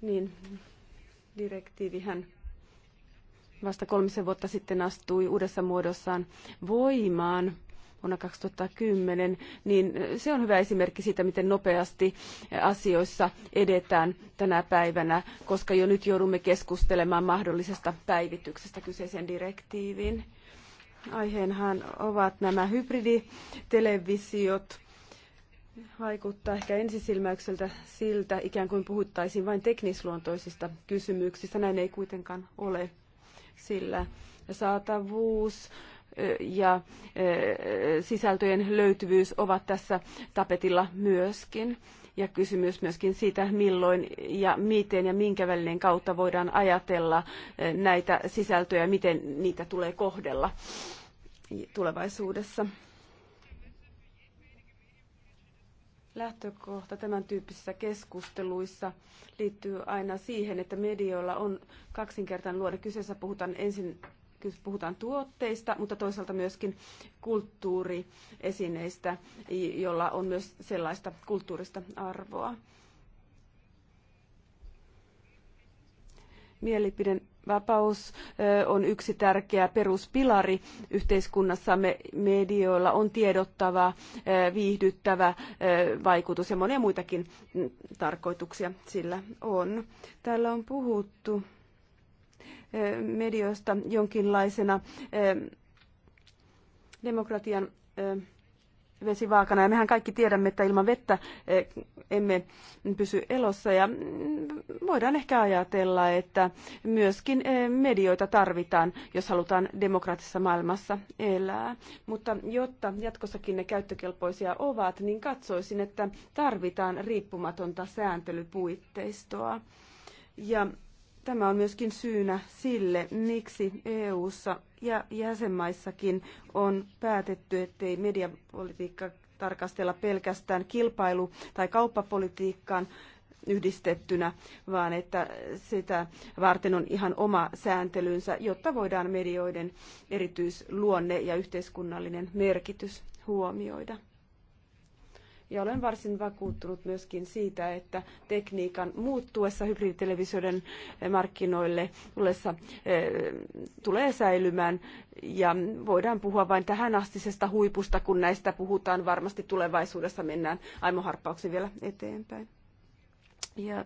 Niin, direktiivihän vasta kolmisen vuotta sitten astui uudessa muodossaan voimaan vuonna 2010, niin se on hyvä esimerkki siitä, miten nopeasti asioissa edetään tänä päivänä, koska jo nyt joudumme keskustelemaan mahdollisesta päivityksestä kyseiseen direktiiviin. Aiheenhan ovat nämä hybriditelevisiot vaikuttaa ehkä ensisilmäykseltä siltä, ikään kuin puhuttaisiin vain teknisluontoisista kysymyksistä. Näin ei kuitenkaan ole, sillä saatavuus ja sisältöjen löytyvyys ovat tässä tapetilla myöskin. Ja kysymys myöskin siitä, milloin ja miten ja minkä välinen kautta voidaan ajatella näitä sisältöjä, miten niitä tulee kohdella tulevaisuudessa. lähtökohta tämän tyyppisissä keskusteluissa liittyy aina siihen, että medioilla on kaksinkertainen luonne. Kyseessä puhutaan ensin puhutaan tuotteista, mutta toisaalta myöskin kulttuuriesineistä, jolla on myös sellaista kulttuurista arvoa. Mielipiden Vapaus on yksi tärkeä peruspilari yhteiskunnassamme. Medioilla on tiedottava, viihdyttävä vaikutus ja monia muitakin tarkoituksia sillä on. Täällä on puhuttu medioista jonkinlaisena demokratian vesivaakana. Ja mehän kaikki tiedämme, että ilman vettä e, emme pysy elossa. Ja voidaan ehkä ajatella, että myöskin e, medioita tarvitaan, jos halutaan demokraattisessa maailmassa elää. Mutta jotta jatkossakin ne käyttökelpoisia ovat, niin katsoisin, että tarvitaan riippumatonta sääntelypuitteistoa. Ja tämä on myöskin syynä sille, miksi EU:ssa ja jäsenmaissakin on päätetty, ettei mediapolitiikka tarkastella pelkästään kilpailu- tai kauppapolitiikkaan yhdistettynä, vaan että sitä varten on ihan oma sääntelynsä, jotta voidaan medioiden erityisluonne ja yhteiskunnallinen merkitys huomioida. Ja olen varsin vakuuttunut myöskin siitä, että tekniikan muuttuessa hybriditelevisioiden eh, markkinoille tulessa eh, tulee säilymään. Ja voidaan puhua vain tähän astisesta huipusta, kun näistä puhutaan varmasti tulevaisuudessa mennään aimoharppauksen vielä eteenpäin. Ja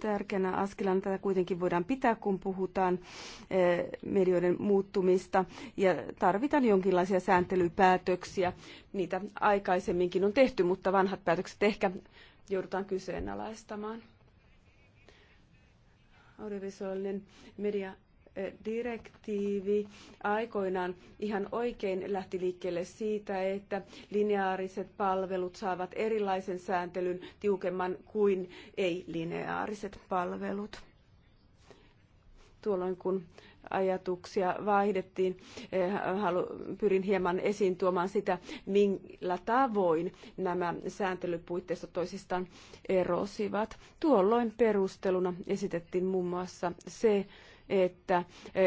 tärkeänä askelana tätä kuitenkin voidaan pitää, kun puhutaan eh, medioiden muuttumista ja tarvitaan jonkinlaisia sääntelypäätöksiä. Niitä aikaisemminkin on tehty, mutta vanhat päätökset ehkä joudutaan kyseenalaistamaan. Audiovisuaalinen media direktiivi aikoinaan ihan oikein lähti liikkeelle siitä, että lineaariset palvelut saavat erilaisen sääntelyn tiukemman kuin ei-lineaariset palvelut. Tuolloin kun ajatuksia vaihdettiin. Pyrin hieman esiin tuomaan sitä, millä tavoin nämä sääntelypuitteista toisistaan erosivat. Tuolloin perusteluna esitettiin muun muassa se, että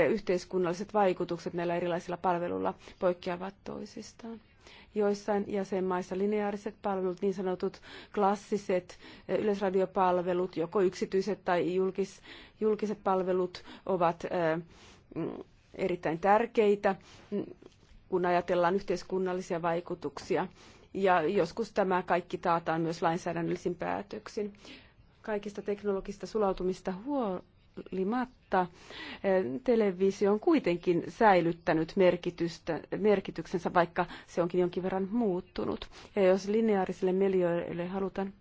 yhteiskunnalliset vaikutukset näillä erilaisilla palveluilla poikkeavat toisistaan. Joissain jäsenmaissa lineaariset palvelut, niin sanotut klassiset yleisradiopalvelut, joko yksityiset tai julkis, julkiset palvelut, ovat mm, erittäin tärkeitä, mm, kun ajatellaan yhteiskunnallisia vaikutuksia. Ja joskus tämä kaikki taataan myös lainsäädännöllisin päätöksin. Kaikista teknologista sulautumista huo- huolimatta eh, televisio on kuitenkin säilyttänyt merkitystä, merkityksensä, vaikka se onkin jonkin verran muuttunut. Ja jos lineaarisille miljöille halutaan...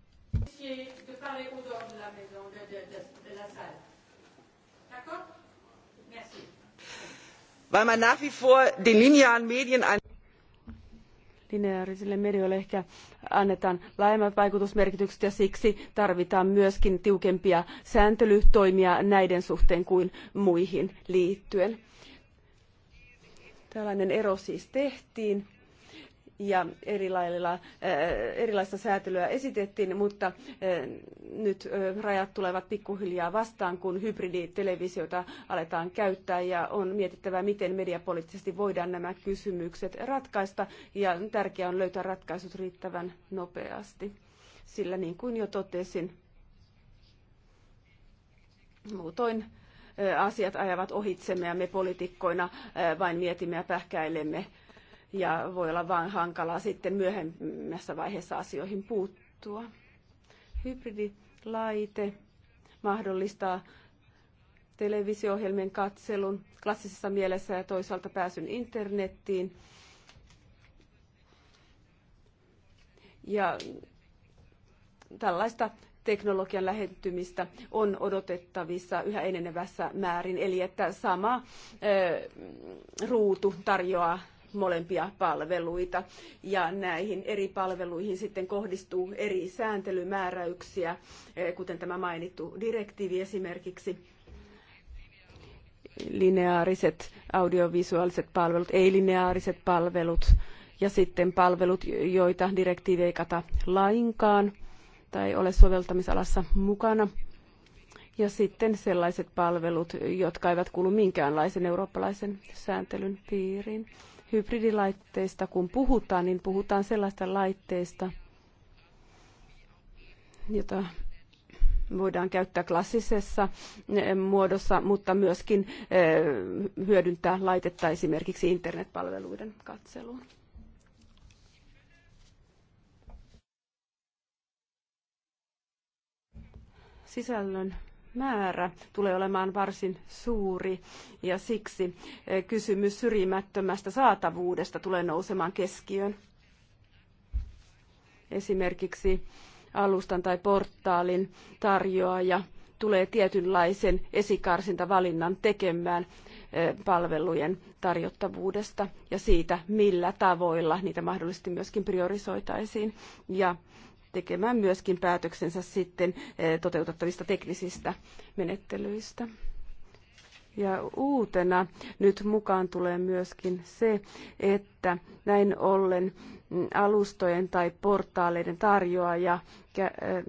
Weil man nach wie vor den linearen Medien lineaarisille medioille ehkä annetaan laajemmat vaikutusmerkitykset ja siksi tarvitaan myöskin tiukempia sääntelytoimia näiden suhteen kuin muihin liittyen. Tällainen ero siis tehtiin ja erilailla, äh, erilaista säätelyä esitettiin, mutta äh, nyt äh, rajat tulevat pikkuhiljaa vastaan, kun hybriditelevisiota aletaan käyttää ja on mietittävä, miten mediapoliittisesti voidaan nämä kysymykset ratkaista ja tärkeää on löytää ratkaisut riittävän nopeasti. Sillä niin kuin jo totesin, muutoin asiat ajavat ohitsemme ja me poliitikkoina vain mietimme ja pähkäilemme ja voi olla vain hankalaa sitten myöhemmässä vaiheessa asioihin puuttua. Hybridilaite mahdollistaa televisio-ohjelmien katselun klassisessa mielessä ja toisaalta pääsyn internettiin. Ja tällaista teknologian lähentymistä on odotettavissa yhä enenevässä määrin, eli että sama ruutu tarjoaa molempia palveluita. Ja näihin eri palveluihin sitten kohdistuu eri sääntelymääräyksiä, eh, kuten tämä mainittu direktiivi esimerkiksi lineaariset audiovisuaaliset palvelut, ei-lineaariset palvelut ja sitten palvelut, joita direktiivi ei kata lainkaan tai ole soveltamisalassa mukana. Ja sitten sellaiset palvelut, jotka eivät kuulu minkäänlaisen eurooppalaisen sääntelyn piiriin hybridilaitteista kun puhutaan, niin puhutaan sellaista laitteista, jota voidaan käyttää klassisessa eh, muodossa, mutta myöskin eh, hyödyntää laitetta esimerkiksi internetpalveluiden katseluun. Sisällön määrä tulee olemaan varsin suuri ja siksi eh, kysymys syrjimättömästä saatavuudesta tulee nousemaan keskiöön. Esimerkiksi alustan tai portaalin tarjoaja tulee tietynlaisen esikarsintavalinnan tekemään eh, palvelujen tarjottavuudesta ja siitä, millä tavoilla niitä mahdollisesti myöskin priorisoitaisiin. Ja tekemään myöskin päätöksensä sitten eh, toteutettavista teknisistä menettelyistä. Ja uutena nyt mukaan tulee myöskin se, että näin ollen alustojen tai portaaleiden tarjoaja,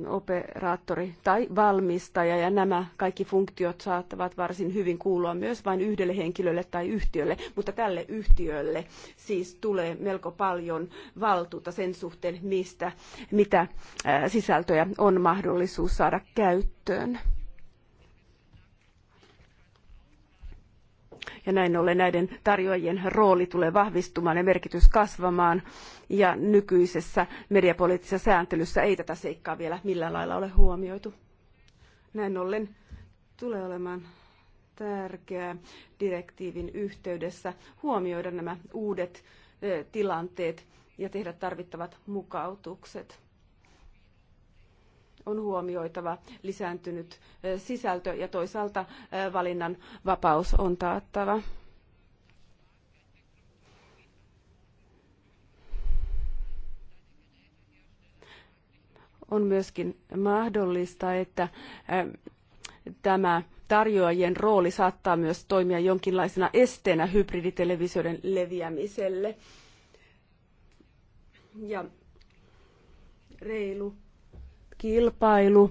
operaattori tai valmistaja, ja nämä kaikki funktiot saattavat varsin hyvin kuulua myös vain yhdelle henkilölle tai yhtiölle, mutta tälle yhtiölle siis tulee melko paljon valtuutta sen suhteen, mistä, mitä sisältöjä on mahdollisuus saada käyttöön. ja näin ollen näiden tarjoajien rooli tulee vahvistumaan ja merkitys kasvamaan ja nykyisessä mediapoliittisessa sääntelyssä ei tätä seikkaa vielä millään lailla ole huomioitu. Näin ollen tulee olemaan tärkeää direktiivin yhteydessä huomioida nämä uudet eh, tilanteet ja tehdä tarvittavat mukautukset on huomioitava lisääntynyt sisältö ja toisaalta valinnan vapaus on taattava. On myöskin mahdollista, että tämä tarjoajien rooli saattaa myös toimia jonkinlaisena esteenä hybriditelevisioiden leviämiselle. Ja reilu Kilpailu,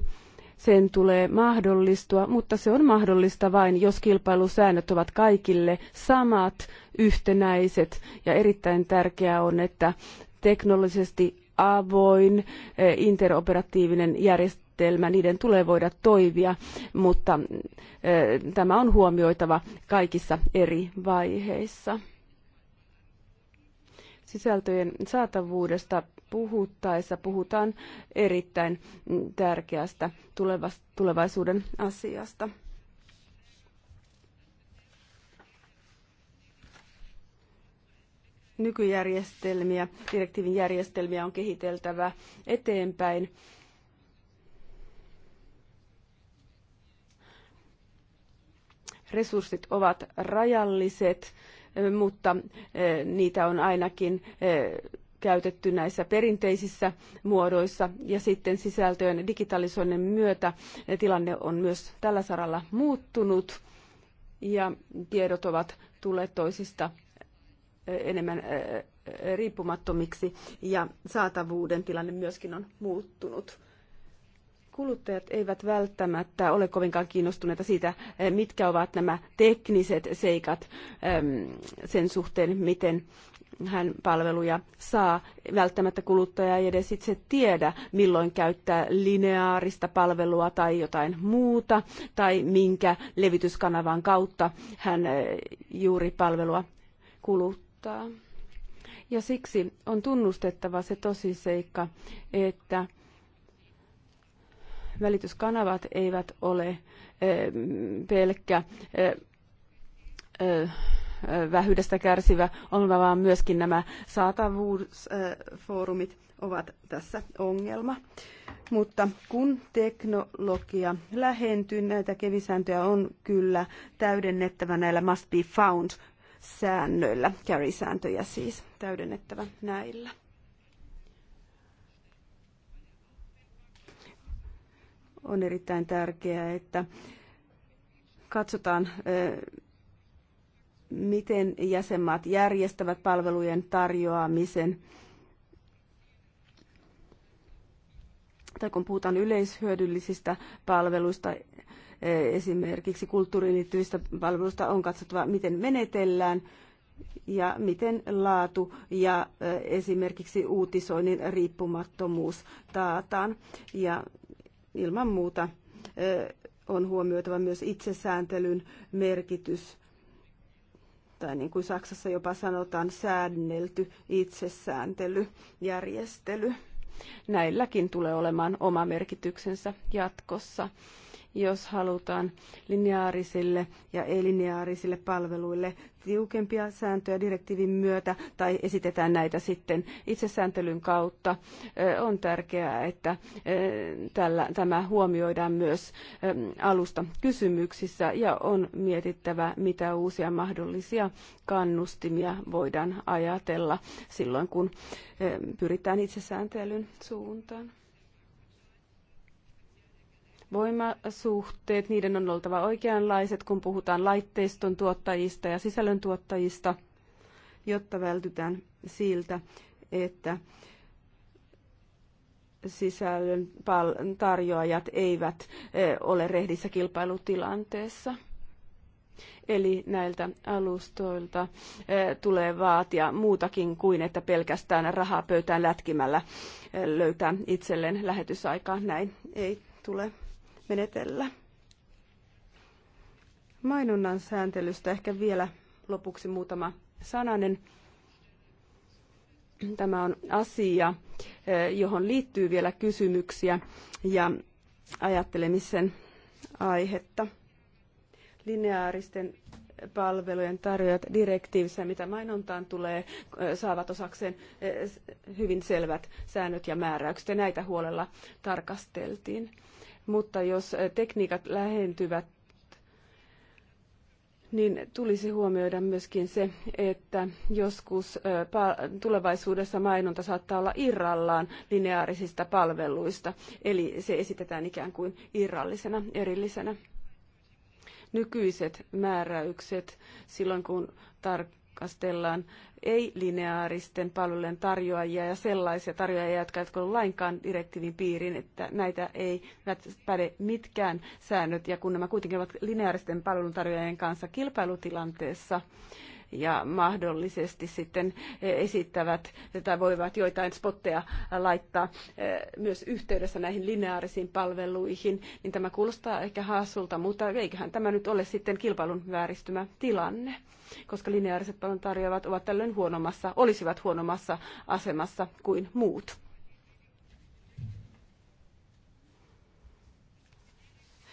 sen tulee mahdollistua, mutta se on mahdollista vain, jos kilpailusäännöt ovat kaikille samat, yhtenäiset ja erittäin tärkeää on, että teknologisesti avoin, eh, interoperatiivinen järjestelmä, niiden tulee voida toimia, mutta eh, tämä on huomioitava kaikissa eri vaiheissa sisältöjen saatavuudesta puhuttaessa puhutaan erittäin tärkeästä tulevaisuuden asiasta. Nykyjärjestelmiä, direktiivin järjestelmiä on kehiteltävä eteenpäin. Resurssit ovat rajalliset mutta niitä on ainakin käytetty näissä perinteisissä muodoissa ja sitten sisältöjen digitalisoinnin myötä tilanne on myös tällä saralla muuttunut ja tiedot ovat tulleet toisista enemmän riippumattomiksi ja saatavuuden tilanne myöskin on muuttunut kuluttajat eivät välttämättä ole kovinkaan kiinnostuneita siitä, eh, mitkä ovat nämä tekniset seikat ehm, sen suhteen, miten hän palveluja saa. Välttämättä kuluttaja ei edes itse tiedä, milloin käyttää lineaarista palvelua tai jotain muuta, tai minkä levityskanavan kautta hän eh, juuri palvelua kuluttaa. Ja siksi on tunnustettava se tosiseikka, että välityskanavat eivät ole eh, pelkkä eh, eh, vähyydestä kärsivä ongelma, vaan myöskin nämä saatavuusfoorumit ovat tässä ongelma. Mutta kun teknologia lähentyy, näitä kevisääntöjä on kyllä täydennettävä näillä must be found säännöillä, carry-sääntöjä siis täydennettävä näillä. on erittäin tärkeää, että katsotaan, miten jäsenmaat järjestävät palvelujen tarjoamisen. Tai kun puhutaan yleishyödyllisistä palveluista, esimerkiksi kulttuuriin liittyvistä palveluista, on katsottava, miten menetellään ja miten laatu ja esimerkiksi uutisoinnin riippumattomuus taataan. Ja ilman muuta on huomioitava myös itsesääntelyn merkitys, tai niin kuin Saksassa jopa sanotaan, säännelty itsesääntelyjärjestely. Näilläkin tulee olemaan oma merkityksensä jatkossa jos halutaan lineaarisille ja ei-lineaarisille palveluille tiukempia sääntöjä direktiivin myötä tai esitetään näitä sitten itsesääntelyn kautta. On tärkeää, että tällä, tämä huomioidaan myös alusta kysymyksissä ja on mietittävä, mitä uusia mahdollisia kannustimia voidaan ajatella silloin, kun pyritään itsesääntelyn suuntaan voimasuhteet, niiden on oltava oikeanlaiset, kun puhutaan laitteiston tuottajista ja sisällön tuottajista, jotta vältytään siltä, että sisällön tarjoajat eivät e, ole rehdissä kilpailutilanteessa. Eli näiltä alustoilta e, tulee vaatia muutakin kuin, että pelkästään rahaa pöytään lätkimällä e, löytää itselleen lähetysaikaa. Näin ei tule menetellä. Mainonnan sääntelystä ehkä vielä lopuksi muutama sananen. Tämä on asia, eh, johon liittyy vielä kysymyksiä ja ajattelemisen aihetta. Lineaaristen palvelujen tarjoajat direktiivissä, mitä mainontaan tulee, saavat osakseen hyvin selvät säännöt ja määräykset, ja näitä huolella tarkasteltiin. Mutta jos tekniikat lähentyvät, niin tulisi huomioida myöskin se, että joskus tulevaisuudessa mainonta saattaa olla irrallaan lineaarisista palveluista, eli se esitetään ikään kuin irrallisena, erillisenä nykyiset määräykset silloin, kun tarkastellaan ei-lineaaristen palvelujen tarjoajia ja sellaisia tarjoajia, jotka eivät ole lainkaan direktiivin piiriin, että näitä ei päde mitkään säännöt. Ja kun nämä kuitenkin ovat lineaaristen palveluntarjoajien kanssa kilpailutilanteessa, ja mahdollisesti sitten eh, esittävät tai voivat joitain spotteja laittaa eh, myös yhteydessä näihin lineaarisiin palveluihin, niin tämä kuulostaa ehkä haasulta, mutta eiköhän tämä nyt ole sitten kilpailun vääristymä tilanne koska lineaariset tarjoavat ovat tällöin huonommassa, olisivat huonommassa asemassa kuin muut.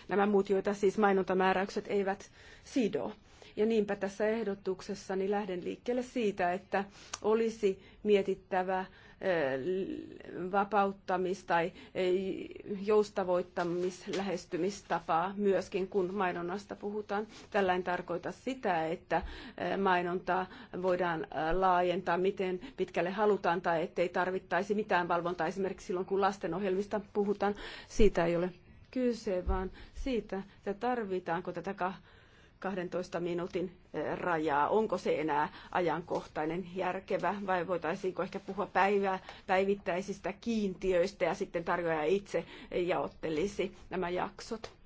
Nämä muut, joita siis mainontamääräykset eivät sido. Ja niinpä tässä ehdotuksessa lähden liikkeelle siitä, että olisi mietittävä eh, vapauttamis- tai eh, joustavoittamislähestymistapaa myöskin, kun mainonnasta puhutaan. Tällainen tarkoita sitä, että eh, mainontaa voidaan laajentaa, miten pitkälle halutaan, tai ettei tarvittaisi mitään valvontaa esimerkiksi silloin, kun lastenohjelmista puhutaan. Siitä ei ole kyse, vaan siitä, että tarvitaanko tätä 12 minuutin eh, rajaa. Onko se enää ajankohtainen, järkevä vai voitaisiinko ehkä puhua päivää, päivittäisistä kiintiöistä ja sitten tarjoaja itse eh, jaottelisi nämä jaksot?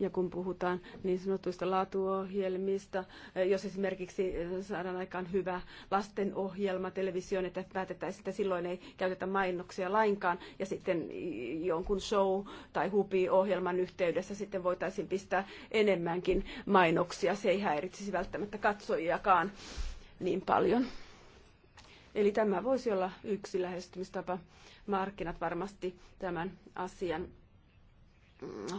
Ja kun puhutaan niin sanotuista laatuohjelmista, eh, jos esimerkiksi eh, saadaan aikaan hyvä lastenohjelma televisioon, että päätetään, että silloin ei käytetä mainoksia lainkaan, ja sitten jonkun show- tai hupi-ohjelman yhteydessä sitten voitaisiin pistää enemmänkin mainoksia. Se ei häiritsisi välttämättä katsojiakaan niin paljon. Eli tämä voisi olla yksi lähestymistapa. Markkinat varmasti tämän asian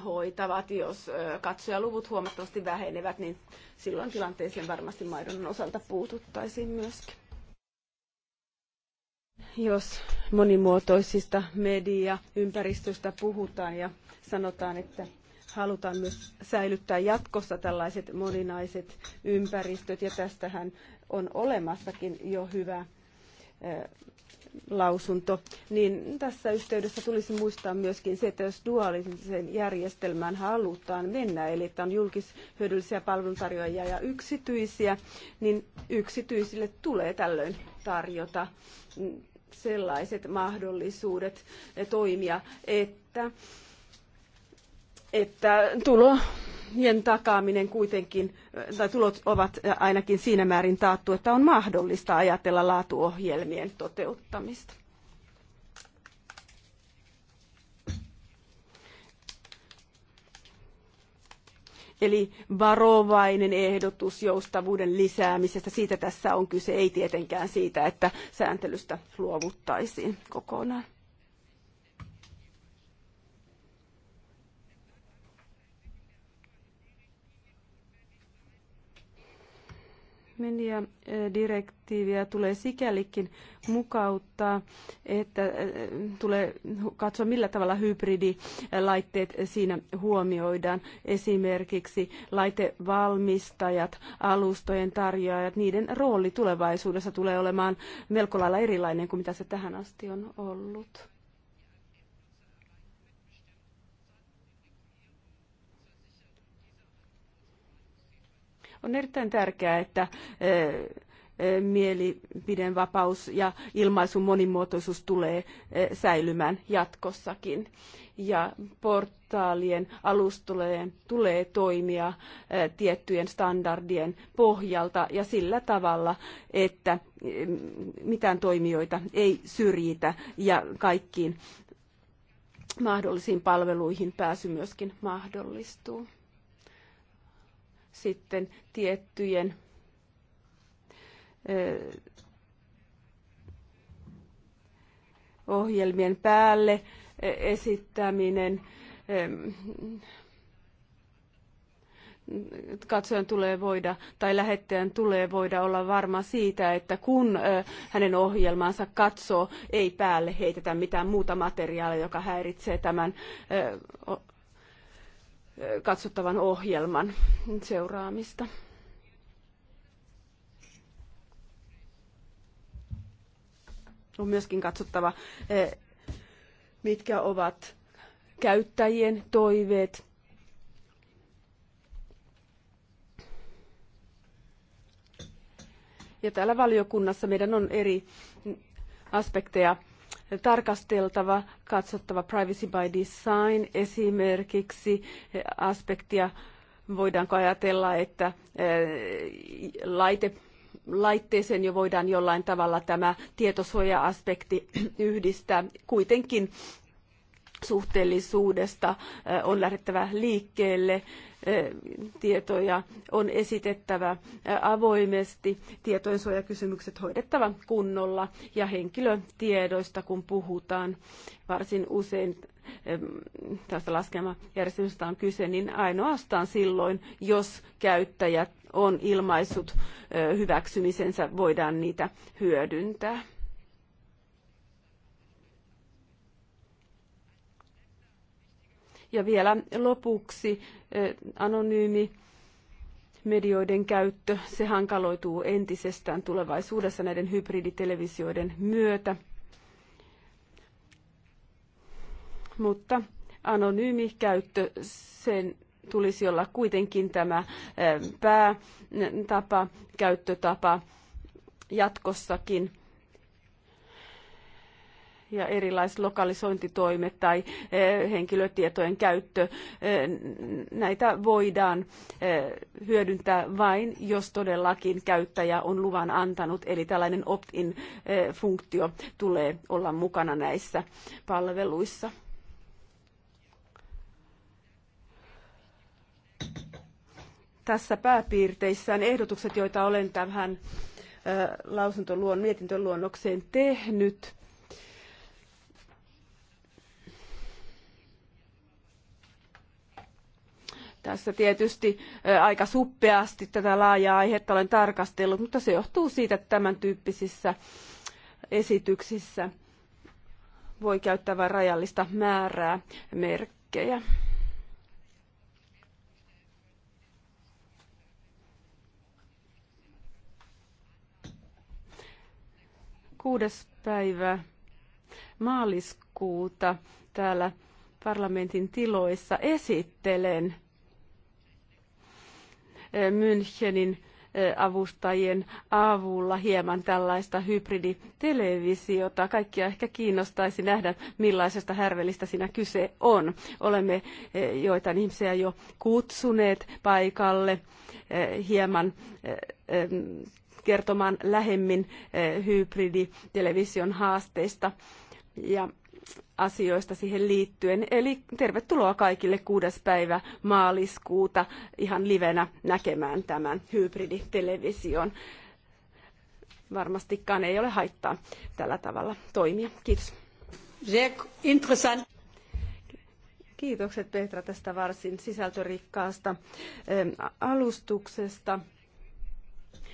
hoitavat. Jos katsojaluvut huomattavasti vähenevät, niin silloin tilanteeseen varmasti maidon osalta puututtaisiin myöskin. Jos monimuotoisista mediaympäristöistä puhutaan ja sanotaan, että halutaan myös säilyttää jatkossa tällaiset moninaiset ympäristöt, ja tästähän on olemassakin jo hyvä Äh, lausunto, niin tässä yhteydessä tulisi muistaa myöskin se, että jos dualisen järjestelmään halutaan mennä, eli että on julkishyödyllisiä palveluntarjoajia ja yksityisiä, niin yksityisille tulee tällöin tarjota sellaiset mahdollisuudet toimia, että, että tulo takaaminen kuitenkin, tai tulot ovat ainakin siinä määrin taattu, että on mahdollista ajatella laatuohjelmien toteuttamista. Eli varovainen ehdotus joustavuuden lisäämisestä, siitä tässä on kyse, ei tietenkään siitä, että sääntelystä luovuttaisiin kokonaan. mediadirektiiviä eh, tulee sikälikin mukauttaa, että eh, tulee katsoa millä tavalla hybridilaitteet siinä huomioidaan. Esimerkiksi laitevalmistajat, alustojen tarjoajat, niiden rooli tulevaisuudessa tulee olemaan melko lailla erilainen kuin mitä se tähän asti on ollut. On erittäin tärkeää, että eh, eh, mielipiden vapaus ja ilmaisun monimuotoisuus tulee eh, säilymään jatkossakin. Ja portaalien alustojen tulee toimia tiettyjen standardien pohjalta ja sillä tavalla, että mitään toimijoita ei syrjitä ja kaikkiin mahdollisiin palveluihin pääsy myöskin mahdollistuu sitten tiettyjen ohjelmien päälle esittäminen. Katsojan tulee voida tai lähettäjän tulee voida olla varma siitä, että kun hänen ohjelmansa katsoo, ei päälle heitetä mitään muuta materiaalia, joka häiritsee tämän katsottavan ohjelman seuraamista. On myöskin katsottava, eh, mitkä ovat käyttäjien toiveet Ja täällä valiokunnassa meidän on eri aspekteja tarkasteltava, katsottava privacy by design esimerkiksi eh, aspektia. Voidaanko ajatella, että eh, laite laitteeseen jo voidaan jollain tavalla tämä tietosuoja-aspekti yhdistää. Kuitenkin suhteellisuudesta eh, on lähdettävä liikkeelle tietoja on esitettävä avoimesti, tietojensuojakysymykset hoidettava kunnolla ja henkilötiedoista, kun puhutaan varsin usein tästä laskelmajärjestelmästä on kyse, niin ainoastaan silloin, jos käyttäjät on ilmaissut hyväksymisensä, voidaan niitä hyödyntää. Ja vielä lopuksi eh, anonyymi medioiden käyttö, se hankaloituu entisestään tulevaisuudessa näiden hybriditelevisioiden myötä. Mutta anonyymi käyttö, sen tulisi olla kuitenkin tämä eh, päätapa, käyttötapa jatkossakin ja erilaiset lokalisointitoimet tai eh, henkilötietojen käyttö, eh, näitä voidaan eh, hyödyntää vain, jos todellakin käyttäjä on luvan antanut, eli tällainen opt-in-funktio tulee olla mukana näissä palveluissa. Tässä pääpiirteissään ehdotukset, joita olen tähän lausuntoluon mietintöluonnokseen tehnyt Tässä tietysti aika suppeasti tätä laajaa aihetta olen tarkastellut, mutta se johtuu siitä, että tämän tyyppisissä esityksissä voi käyttää vain rajallista määrää merkkejä. Kuudes päivä maaliskuuta täällä parlamentin tiloissa esittelen Münchenin avustajien avulla hieman tällaista hybriditelevisiota. Kaikkia ehkä kiinnostaisi nähdä, millaisesta härvelistä siinä kyse on. Olemme joitain ihmisiä jo kutsuneet paikalle hieman kertomaan lähemmin hybriditelevision haasteista. Ja asioista siihen liittyen. Eli tervetuloa kaikille 6. päivä maaliskuuta ihan livenä näkemään tämän hybriditelevision. Varmastikaan ei ole haittaa tällä tavalla toimia. Kiitos. Interessant. Kiitokset Petra tästä varsin sisältörikkaasta alustuksesta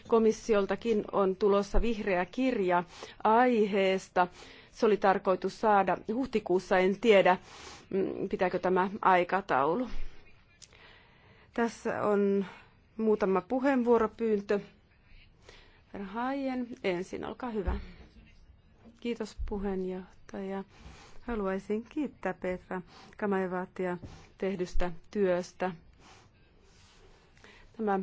komissioltakin on tulossa vihreä kirja aiheesta se oli tarkoitus saada huhtikuussa, en tiedä mm, pitääkö tämä aikataulu. Tässä on muutama puheenvuoropyyntö. Haien ensin, olkaa hyvä. Kiitos puheenjohtaja. Haluaisin kiittää Petra Kamaivaattia tehdystä työstä. Tämä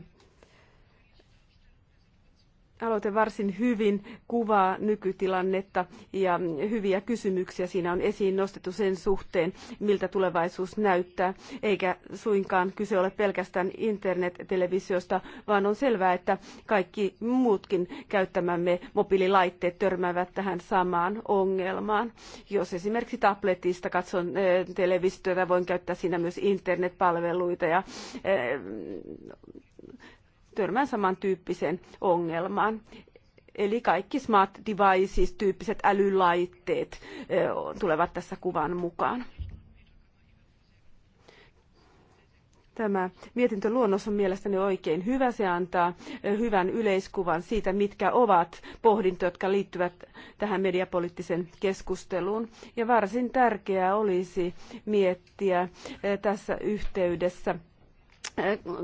aloite varsin hyvin kuvaa nykytilannetta ja hyviä kysymyksiä siinä on esiin nostettu sen suhteen, miltä tulevaisuus näyttää, eikä suinkaan kyse ole pelkästään internettelevisiosta, vaan on selvää, että kaikki muutkin käyttämämme mobiililaitteet törmäävät tähän samaan ongelmaan. Jos esimerkiksi tabletista katson eh, televisiota, voin käyttää siinä myös internetpalveluita ja eh, törmään samantyyppiseen ongelmaan. Eli kaikki smart devices, tyyppiset älylaitteet tulevat tässä kuvan mukaan. Tämä mietintöluonnos on mielestäni oikein hyvä. Se antaa hyvän yleiskuvan siitä, mitkä ovat pohdintoja, jotka liittyvät tähän mediapoliittiseen keskusteluun. Ja varsin tärkeää olisi miettiä tässä yhteydessä –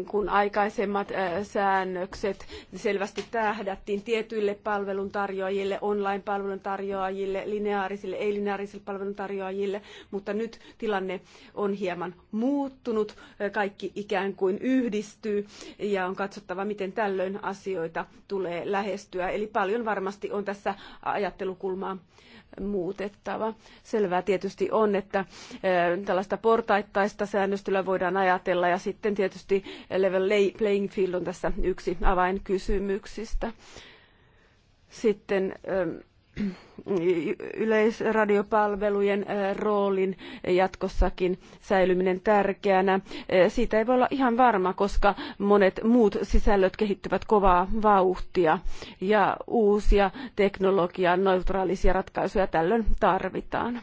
kun aikaisemmat säännökset selvästi tähdättiin tietyille palveluntarjoajille, online-palveluntarjoajille, lineaarisille, ei-lineaarisille palveluntarjoajille, mutta nyt tilanne on hieman muuttunut, kaikki ikään kuin yhdistyy ja on katsottava, miten tällöin asioita tulee lähestyä. Eli paljon varmasti on tässä ajattelukulmaa muutettava. Selvää tietysti on, että tällaista portaittaista säännöstelyä voidaan ajatella ja sitten tietysti level playing field on tässä yksi avainkysymyksistä. Sitten yleisradiopalvelujen roolin jatkossakin säilyminen tärkeänä. Siitä ei voi olla ihan varma, koska monet muut sisällöt kehittyvät kovaa vauhtia ja uusia teknologian neutraalisia ratkaisuja tällöin tarvitaan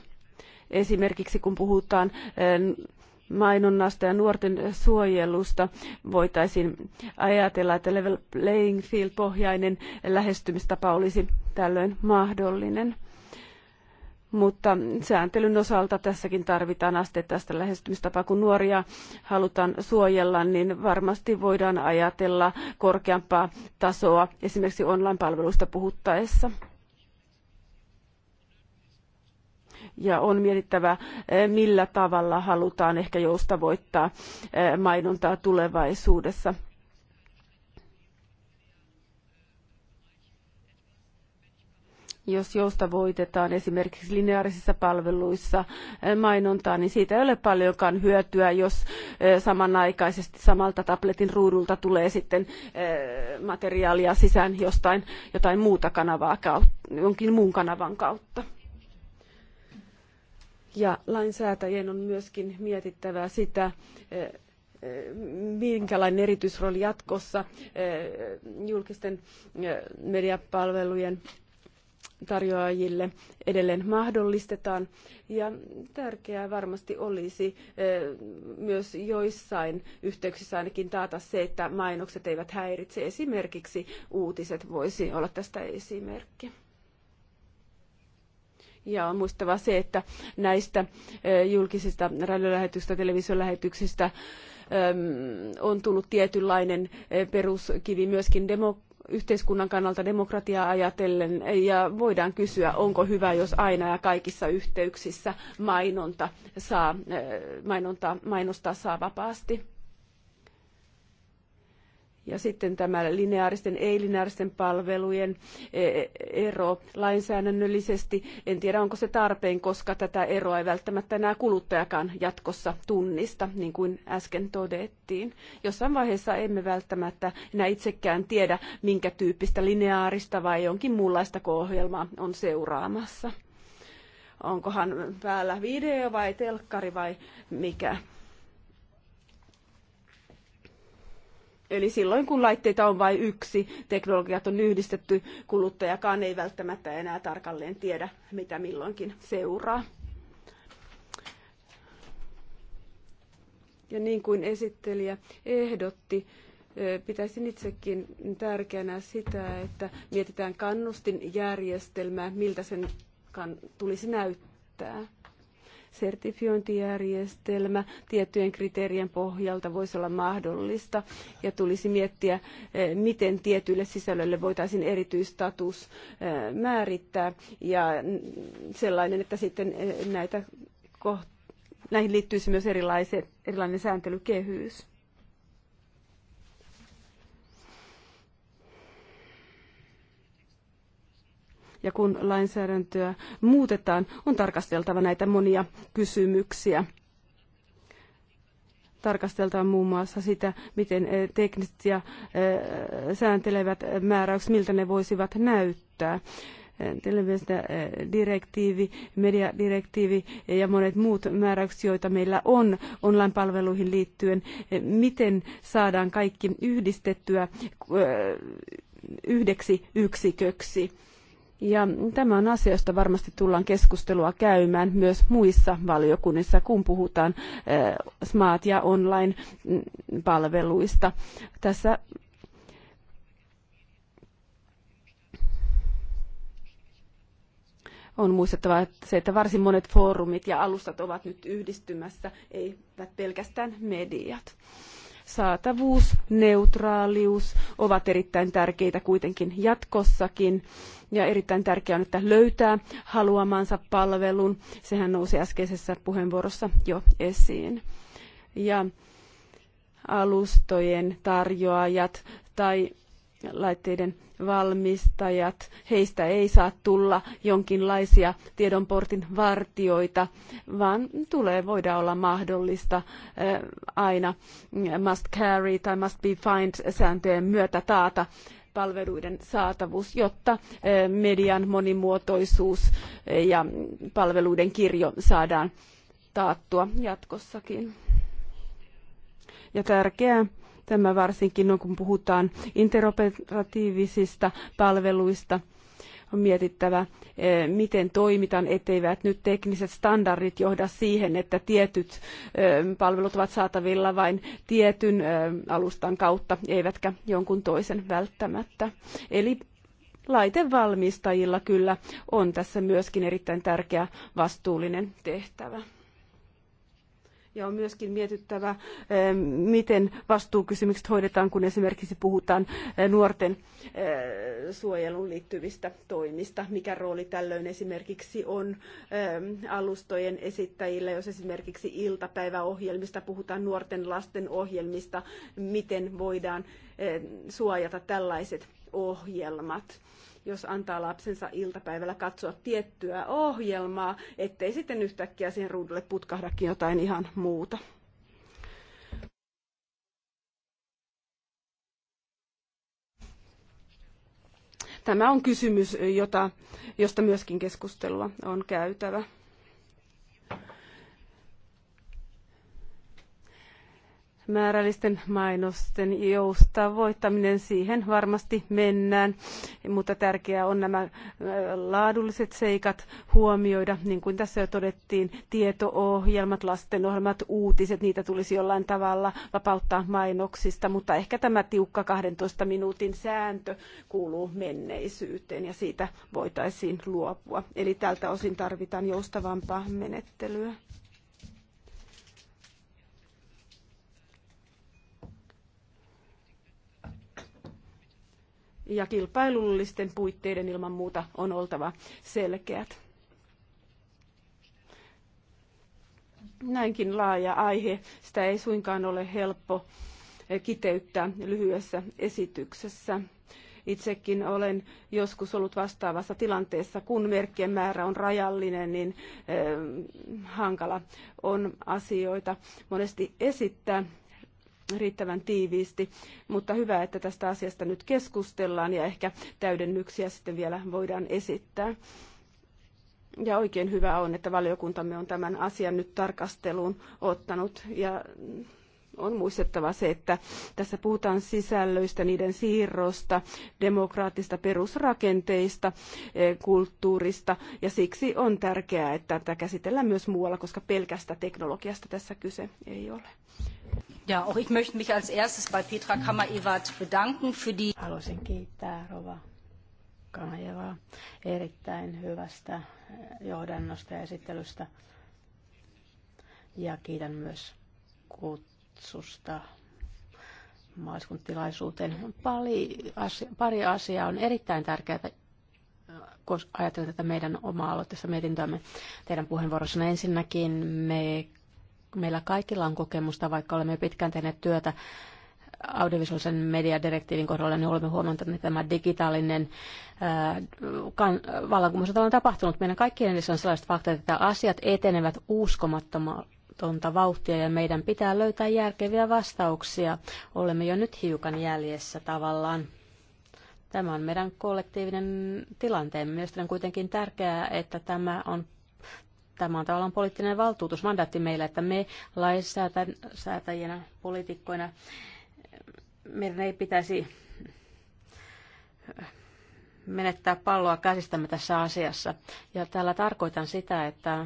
esimerkiksi kun puhutaan mainonnasta ja nuorten suojelusta voitaisiin ajatella, että level playing field pohjainen lähestymistapa olisi tällöin mahdollinen. Mutta sääntelyn osalta tässäkin tarvitaan aste tästä lähestymistapaa. Kun nuoria halutaan suojella, niin varmasti voidaan ajatella korkeampaa tasoa esimerkiksi online-palveluista puhuttaessa. ja on mietittävä, eh, millä tavalla halutaan ehkä joustavoittaa eh, mainontaa tulevaisuudessa. jos joustavoitetaan esimerkiksi lineaarisissa palveluissa eh, mainontaa, niin siitä ei ole paljonkaan hyötyä, jos samanaikaisesti samalta tabletin ruudulta tulee sitten materiaalia sisään jostain jotain muuta kanavaa jonkin muun kanavan kautta. Ja lainsäätäjien on myöskin mietittävä sitä, eh, eh, minkälainen erityisrooli jatkossa eh, julkisten mediapalvelujen tarjoajille edelleen mahdollistetaan. Ja tärkeää varmasti olisi myös joissain yhteyksissä ainakin taata se, että mainokset eivät häiritse. Esimerkiksi uutiset voisi olla tästä esimerkki. Ja on muistava se, että näistä julkisista radiolähetyksistä, televisiolähetyksistä on tullut tietynlainen peruskivi myöskin demokratiaan yhteiskunnan kannalta demokratiaa ajatellen ja voidaan kysyä, onko hyvä, jos aina ja kaikissa yhteyksissä mainonta saa, mainonta, mainostaa saa vapaasti. Ja sitten tämä lineaaristen, ei-lineaaristen palvelujen e, e, ero lainsäädännöllisesti. En tiedä, onko se tarpeen, koska tätä eroa ei välttämättä enää kuluttajakaan jatkossa tunnista, niin kuin äsken todettiin. Jossain vaiheessa emme välttämättä enää itsekään tiedä, minkä tyyppistä lineaarista vai jonkin muunlaista ohjelmaa on seuraamassa. Onkohan päällä video vai telkkari vai mikä Eli silloin kun laitteita on vain yksi, teknologiat on yhdistetty, kuluttajakaan ei välttämättä enää tarkalleen tiedä, mitä milloinkin seuraa. Ja niin kuin esittelijä ehdotti, pitäisin itsekin tärkeänä sitä, että mietitään kannustinjärjestelmää, miltä sen tulisi näyttää sertifiointijärjestelmä tiettyjen kriteerien pohjalta voisi olla mahdollista ja tulisi miettiä, eh, miten tietyille sisällölle voitaisiin erityistatus eh, määrittää ja sellainen, että sitten eh, näitä koht näihin liittyisi myös erilaiset, erilainen sääntelykehys. ja kun lainsäädäntöä muutetaan, on tarkasteltava näitä monia kysymyksiä tarkasteltaan muun muassa sitä, miten eh, tekniset ja eh, sääntelevät määräykset, miltä ne voisivat näyttää. Televisiosta-direktiivi, eh, mediadirektiivi ja monet muut määräykset, joita meillä on online-palveluihin liittyen, miten saadaan kaikki yhdistettyä yhdeksi yksiköksi ja tämä on asia, josta varmasti tullaan keskustelua käymään myös muissa valiokunnissa, kun puhutaan eh, smart- ja online-palveluista. Mm, Tässä on muistettava että se, että varsin monet foorumit ja alustat ovat nyt yhdistymässä, eivät pelkästään mediat saatavuus, neutraalius ovat erittäin tärkeitä kuitenkin jatkossakin. Ja erittäin tärkeää on, että löytää haluamansa palvelun. Sehän nousi äskeisessä puheenvuorossa jo esiin. Ja alustojen tarjoajat tai laitteiden valmistajat, heistä ei saa tulla jonkinlaisia tiedonportin vartioita, vaan tulee voida olla mahdollista eh, aina must carry tai must be find sääntöjen myötä taata palveluiden saatavuus, jotta eh, median monimuotoisuus ja palveluiden kirjo saadaan taattua jatkossakin. Ja tärkeää Tämä varsinkin on, no, kun puhutaan interoperatiivisista palveluista. On mietittävä, eh, miten toimitaan, etteivät nyt tekniset standardit johda siihen, että tietyt eh, palvelut ovat saatavilla vain tietyn eh, alustan kautta, eivätkä jonkun toisen välttämättä. Eli laitevalmistajilla kyllä on tässä myöskin erittäin tärkeä vastuullinen tehtävä. Ja on myöskin mietittävä, eh, miten vastuukysymykset hoidetaan, kun esimerkiksi puhutaan eh, nuorten eh, suojeluun liittyvistä toimista. Mikä rooli tällöin esimerkiksi on alustojen esittäjillä, jos esimerkiksi iltapäiväohjelmista puhutaan nuorten lasten ohjelmista, miten voidaan suojata tällaiset ohjelmat jos antaa lapsensa iltapäivällä katsoa tiettyä ohjelmaa, ettei sitten yhtäkkiä siihen ruudulle putkahdakin jotain ihan muuta. Tämä on kysymys, jota, josta myöskin keskustelua on käytävä. määrällisten mainosten joustavoittaminen, siihen varmasti mennään, mutta tärkeää on nämä äh, laadulliset seikat huomioida, niin kuin tässä jo todettiin, tieto-ohjelmat, lastenohjelmat, uutiset, niitä tulisi jollain tavalla vapauttaa mainoksista, mutta ehkä tämä tiukka 12 minuutin sääntö kuuluu menneisyyteen ja siitä voitaisiin luopua. Eli tältä osin tarvitaan joustavampaa menettelyä. ja kilpailullisten puitteiden ilman muuta on oltava selkeät. Näinkin laaja aihe, sitä ei suinkaan ole helppo kiteyttää lyhyessä esityksessä. Itsekin olen joskus ollut vastaavassa tilanteessa, kun merkkien määrä on rajallinen, niin eh, hankala on asioita monesti esittää riittävän tiiviisti, mutta hyvä, että tästä asiasta nyt keskustellaan ja ehkä täydennyksiä sitten vielä voidaan esittää. Ja oikein hyvä on, että valiokuntamme on tämän asian nyt tarkasteluun ottanut ja on muistettava se, että tässä puhutaan sisällöistä, niiden siirrosta, demokraattista perusrakenteista, eh, kulttuurista ja siksi on tärkeää, että tätä käsitellään myös muualla, koska pelkästä teknologiasta tässä kyse ei ole. Ja, auch ich möchte mich als erstes bei Petra Kammer-Ewart bedanken für die... Haluaisin kiittää Rova Kamajevaa erittäin hyvästä eh, johdannosta ja esittelystä. Ja kiitän myös kutsusta maaliskuun tilaisuuteen. Pari, asia, pari asiaa on erittäin tärkeää, eh, koska ajattelen tätä meidän omaa aloitteessa mietintöämme teidän puheenvuorossanne. Ensinnäkin me meillä kaikilla on kokemusta, vaikka olemme pitkään tehneet työtä audiovisuaalisen mediadirektiivin kohdalla, niin olemme huomanneet, että tämä digitaalinen vallankumous on tapahtunut. Meidän kaikkien edessä on sellaiset faktat, että asiat etenevät uskomattomalta vauhtia ja meidän pitää löytää järkeviä vastauksia. Olemme jo nyt hiukan jäljessä tavallaan. Tämä on meidän kollektiivinen tilanteemme. Mielestäni on kuitenkin tärkeää, että tämä on Tämä on tavallaan poliittinen valtuutusmandaatti meillä, että me lainsäätäjinä, poliitikkoina, meidän ei pitäisi menettää palloa käsistämme tässä asiassa. Ja tällä tarkoitan sitä, että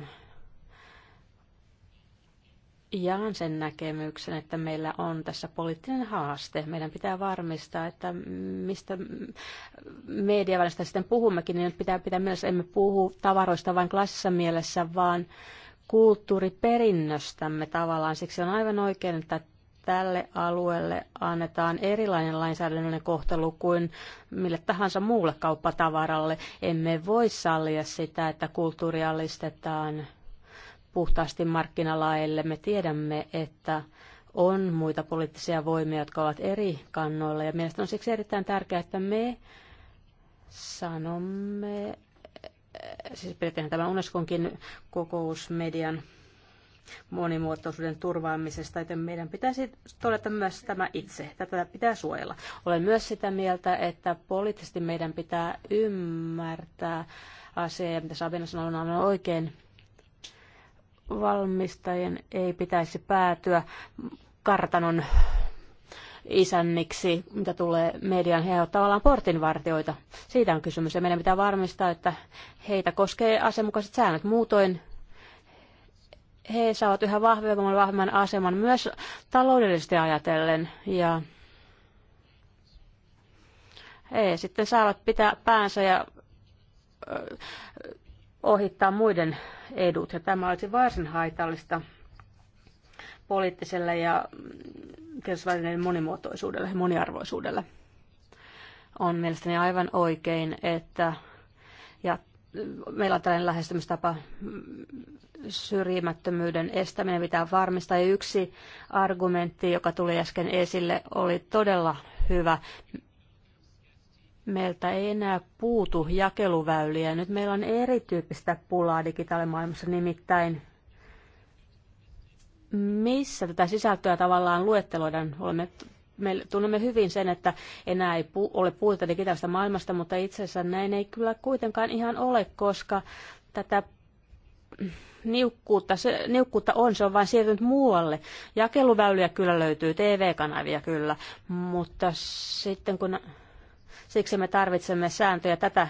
jaan sen näkemyksen, että meillä on tässä poliittinen haaste. Meidän pitää varmistaa, että mistä mediavälistä sitten puhummekin, niin pitää pitää myös, emme puhu tavaroista vain klassisessa mielessä, vaan kulttuuriperinnöstämme tavallaan. Siksi on aivan oikein, että tälle alueelle annetaan erilainen lainsäädännöllinen kohtelu kuin mille tahansa muulle kauppatavaralle. Emme voi sallia sitä, että kulttuuria listetaan puhtaasti markkinalaille. Me tiedämme, että on muita poliittisia voimia, jotka ovat eri kannoilla. Ja mielestäni on siksi erittäin tärkeää, että me sanomme, siis pidetään tämä Unesconkin kokous median monimuotoisuuden turvaamisesta, joten meidän pitäisi todeta myös tämä itse. Tätä pitää suojella. Olen myös sitä mieltä, että poliittisesti meidän pitää ymmärtää asia, ja mitä Sabina sanoi, on oikein valmistajien ei pitäisi päätyä kartanon isänniksi, mitä tulee median. He ovat tavallaan portinvartioita. Siitä on kysymys ja meidän pitää varmistaa, että heitä koskee asianmukaiset säännöt. Muutoin he saavat yhä vahvemman vahvemman aseman myös taloudellisesti ajatellen ja he sitten saavat pitää päänsä ja ohittaa muiden edut. Ja tämä olisi varsin haitallista poliittiselle ja tiedotusvälineiden monimuotoisuudelle ja moniarvoisuudelle. On mielestäni aivan oikein, että ja meillä on tällainen lähestymistapa mm, syrjimättömyyden estäminen pitää varmistaa. Ja yksi argumentti, joka tuli äsken esille, oli todella hyvä meiltä ei enää puutu jakeluväyliä. Nyt meillä on erityyppistä pulaa digitaalimaailmassa, nimittäin missä tätä sisältöä tavallaan luetteloidaan. Olemme, me tunnemme hyvin sen, että enää ei pu, ole puuta digitaalista maailmasta, mutta itse asiassa näin ei kyllä kuitenkaan ihan ole, koska tätä niukkuutta, se, niukkuutta on, se on vain siirtynyt muualle. Jakeluväyliä kyllä löytyy, TV-kanavia kyllä, mutta sitten kun Siksi me tarvitsemme sääntöjä tätä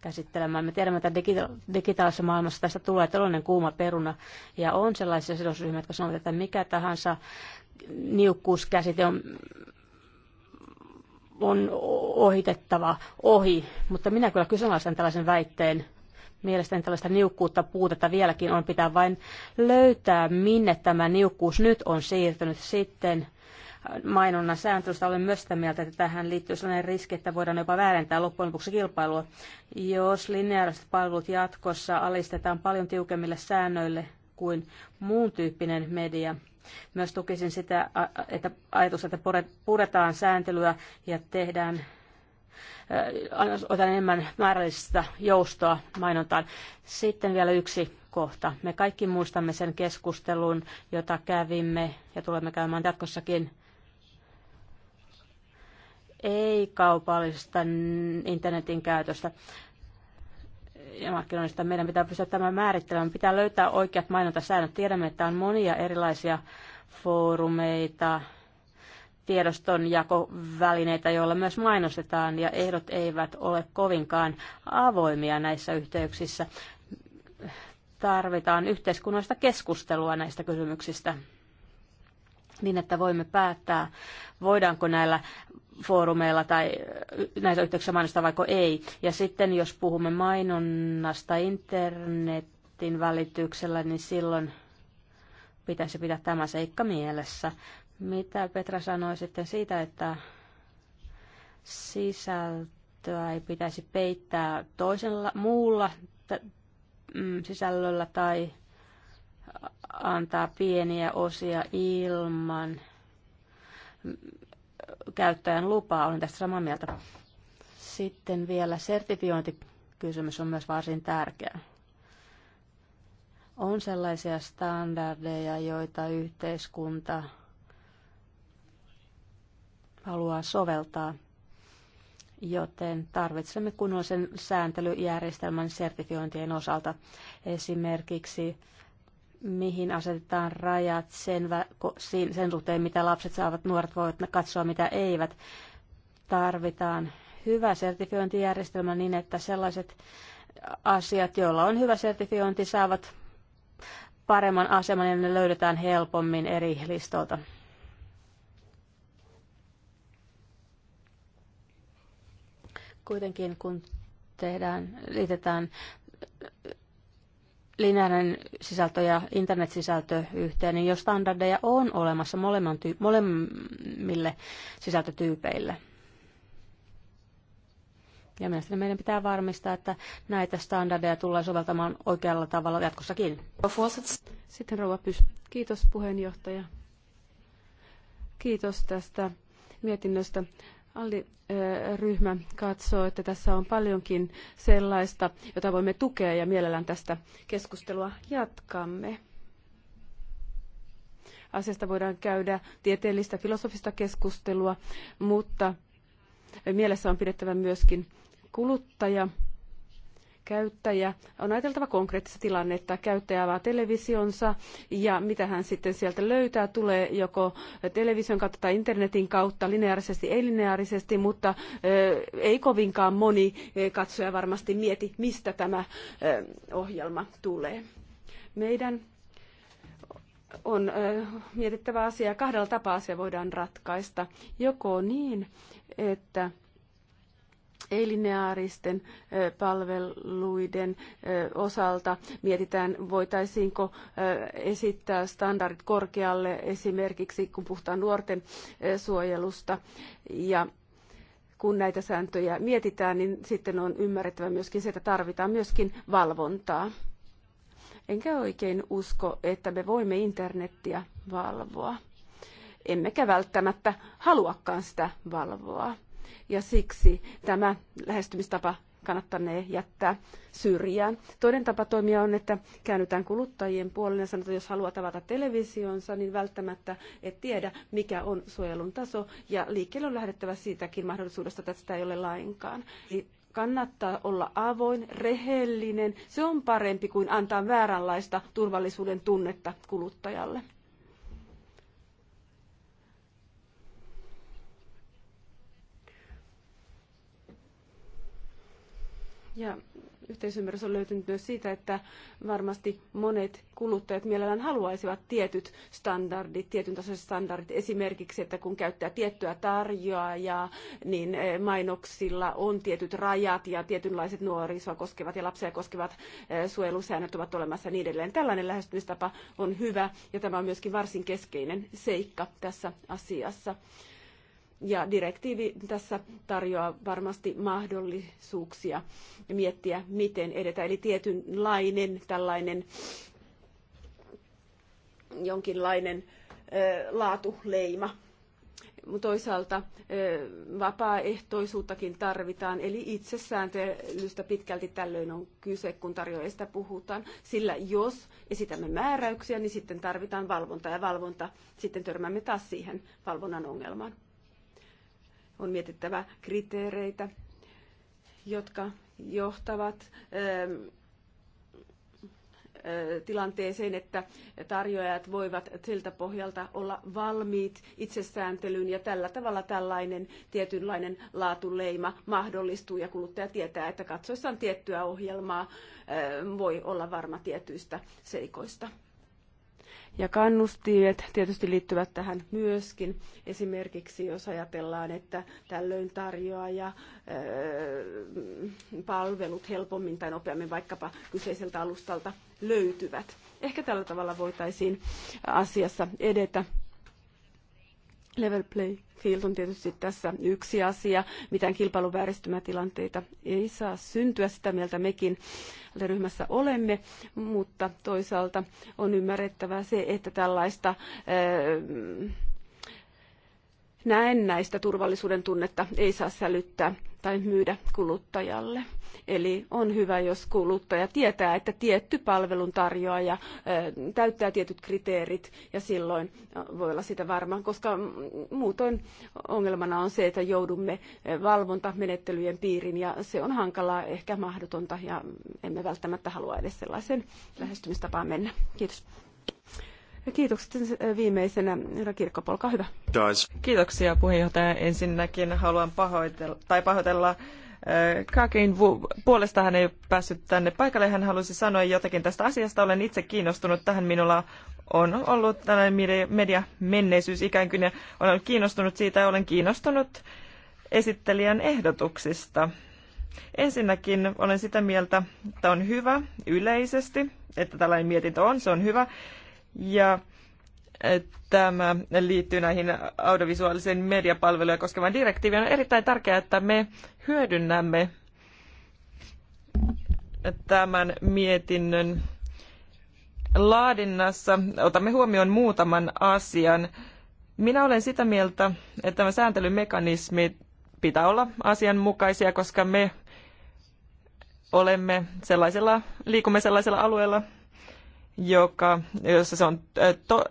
käsittelemään. Me tiedämme, että digita- digitaalisessa maailmassa tästä tulee tällainen kuuma peruna, ja on sellaisia sidosryhmiä, jotka sanovat, että mikä tahansa niukkuuskäsite on on ohitettava ohi, mutta minä kyllä kyseenalaistan tällaisen väitteen. Mielestäni tällaista niukkuutta puutetta vieläkin on, pitää vain löytää, minne tämä niukkuus nyt on siirtynyt sitten mainonnan sääntelystä. Olen myös sitä mieltä, että tähän liittyy sellainen riski, että voidaan jopa väärentää loppujen lopuksi kilpailua. Jos lineaariset palvelut jatkossa alistetaan paljon tiukemmille säännöille kuin muun tyyppinen media, myös tukisin sitä että ajatus, että puretaan sääntelyä ja tehdään otan enemmän määrällistä joustoa mainontaan. Sitten vielä yksi kohta. Me kaikki muistamme sen keskustelun, jota kävimme ja tulemme käymään jatkossakin ei-kaupallisesta internetin käytöstä ja markkinoinnista. Meidän pitää pystyä tämän määrittelemään. Pitää löytää oikeat mainontasäännöt. Tiedämme, että on monia erilaisia foorumeita, jakovälineitä, joilla myös mainostetaan, ja ehdot eivät ole kovinkaan avoimia näissä yhteyksissä. Tarvitaan yhteiskunnallista keskustelua näistä kysymyksistä niin, että voimme päättää, voidaanko näillä foorumeilla tai näitä yhteyksiä mainostaa vaiko ei. Ja sitten jos puhumme mainonnasta internetin välityksellä, niin silloin pitäisi pitää tämä seikka mielessä. Mitä Petra sanoi sitten siitä, että sisältöä ei pitäisi peittää toisella muulla t- mm, sisällöllä tai antaa pieniä osia ilman käyttäjän lupaa. Olen tästä samaa mieltä. Sitten vielä sertifiointikysymys on myös varsin tärkeä. On sellaisia standardeja, joita yhteiskunta haluaa soveltaa, joten tarvitsemme kunnollisen sääntelyjärjestelmän sertifiointien osalta. Esimerkiksi mihin asetetaan rajat sen, sen suhteen, mitä lapset saavat, nuoret voivat katsoa, mitä eivät. Tarvitaan hyvä sertifiointijärjestelmä niin, että sellaiset asiat, joilla on hyvä sertifiointi, saavat paremman aseman ja ne löydetään helpommin eri listoilta. Kuitenkin kun tehdään, liitetään lineaarinen sisältö ja internetsisältö yhteen, niin jo standardeja on olemassa molemmille sisältötyypeille. Ja mielestäni meidän pitää varmistaa, että näitä standardeja tullaan soveltamaan oikealla tavalla jatkossakin. Sitten rouva Pys. Kiitos puheenjohtaja. Kiitos tästä mietinnöstä. ALDI-ryhmä katsoo, että tässä on paljonkin sellaista, jota voimme tukea ja mielellään tästä keskustelua jatkamme. Asiasta voidaan käydä tieteellistä filosofista keskustelua, mutta mielessä on pidettävä myöskin kuluttaja käyttäjä, on ajateltava konkreettista tilannetta, käyttäjä avaa televisionsa ja mitä hän sitten sieltä löytää, tulee joko television kautta tai internetin kautta, lineaarisesti, ei lineaarisesti, mutta ei kovinkaan moni katsoja varmasti mieti, mistä tämä ohjelma tulee. Meidän on mietittävä asia. Kahdella tapaa asia voidaan ratkaista. Joko niin, että ei-lineaaristen palveluiden osalta mietitään, voitaisiinko esittää standardit korkealle esimerkiksi, kun puhutaan nuorten suojelusta. Ja kun näitä sääntöjä mietitään, niin sitten on ymmärrettävä myöskin se, että tarvitaan myöskin valvontaa. Enkä oikein usko, että me voimme internettiä valvoa. Emmekä välttämättä haluakaan sitä valvoa ja siksi tämä lähestymistapa kannattanee jättää syrjään. Toinen tapa toimia on, että käännytään kuluttajien puolelle ja sanotaan, että jos haluaa tavata televisionsa, niin välttämättä et tiedä, mikä on suojelun taso, ja liikkeelle on lähdettävä siitäkin mahdollisuudesta, että sitä ei ole lainkaan. Eli kannattaa olla avoin, rehellinen. Se on parempi kuin antaa vääränlaista turvallisuuden tunnetta kuluttajalle. Ja yhteisymmärrys on löytynyt myös siitä, että varmasti monet kuluttajat mielellään haluaisivat tietyt standardit, tietyn tasoiset standardit. Esimerkiksi, että kun käyttää tiettyä tarjoajaa, niin eh, mainoksilla on tietyt rajat ja tietynlaiset nuorisoa koskevat ja lapsia koskevat eh, suojelusäännöt ovat olemassa ja niin edelleen. Tällainen lähestymistapa on hyvä ja tämä on myöskin varsin keskeinen seikka tässä asiassa. Ja direktiivi tässä tarjoaa varmasti mahdollisuuksia miettiä, miten edetä. Eli tietynlainen tällainen jonkinlainen ö, laatuleima. Toisaalta ö, vapaaehtoisuuttakin tarvitaan, eli itsesääntelystä pitkälti tällöin on kyse, kun tarjoajista puhutaan. Sillä jos esitämme määräyksiä, niin sitten tarvitaan valvontaa, ja valvonta, sitten törmäämme taas siihen valvonnan ongelmaan. On mietittävä kriteereitä, jotka johtavat ähm, äh, tilanteeseen, että tarjoajat voivat siltä pohjalta olla valmiit itsesääntelyyn ja tällä tavalla tällainen tietynlainen laatuleima mahdollistuu ja kuluttaja tietää, että katsoessaan tiettyä ohjelmaa äh, voi olla varma tietyistä seikoista. Ja kannustimet tietysti liittyvät tähän myöskin. Esimerkiksi jos ajatellaan, että tällöin tarjoaja palvelut helpommin tai nopeammin vaikkapa kyseiseltä alustalta löytyvät. Ehkä tällä tavalla voitaisiin asiassa edetä. Level play field on tietysti tässä yksi asia. Mitään kilpailuvääristymätilanteita ei saa syntyä, sitä mieltä mekin ryhmässä olemme, mutta toisaalta on ymmärrettävää se, että tällaista ää, eh, näennäistä turvallisuuden tunnetta ei saa sälyttää tai myydä kuluttajalle. Eli on hyvä, jos kuluttaja tietää, että tietty palveluntarjoaja täyttää tietyt kriteerit ja silloin voi olla sitä varmaan, koska muutoin ongelmana on se, että joudumme valvontamenettelyjen piiriin ja se on hankalaa, ehkä mahdotonta ja emme välttämättä halua edes sellaisen lähestymistapaan mennä. Kiitos. Ja kiitokset äh, viimeisenä, Ira Kirkkopolka, hyvä. Kiitoksia puheenjohtaja. Ensinnäkin haluan pahoitella, tai pahoitella äh, Kakin puolesta hän ei päässyt tänne paikalle. Hän halusi sanoa jotakin tästä asiasta. Olen itse kiinnostunut tähän. Minulla on ollut tällainen media menneisyys ikään kuin ja olen kiinnostunut siitä ja olen kiinnostunut esittelijän ehdotuksista. Ensinnäkin olen sitä mieltä, että on hyvä yleisesti, että tällainen mietintö on, se on hyvä ja eh, tämä liittyy näihin audiovisuaalisen mediapalveluja koskevaan direktiiviin. On erittäin tärkeää, että me hyödynnämme tämän mietinnön laadinnassa. Otamme huomioon muutaman asian. Minä olen sitä mieltä, että tämä sääntelymekanismi pitää olla asianmukaisia, koska me olemme sellaisella, liikumme sellaisella alueella, joka, jossa se on to,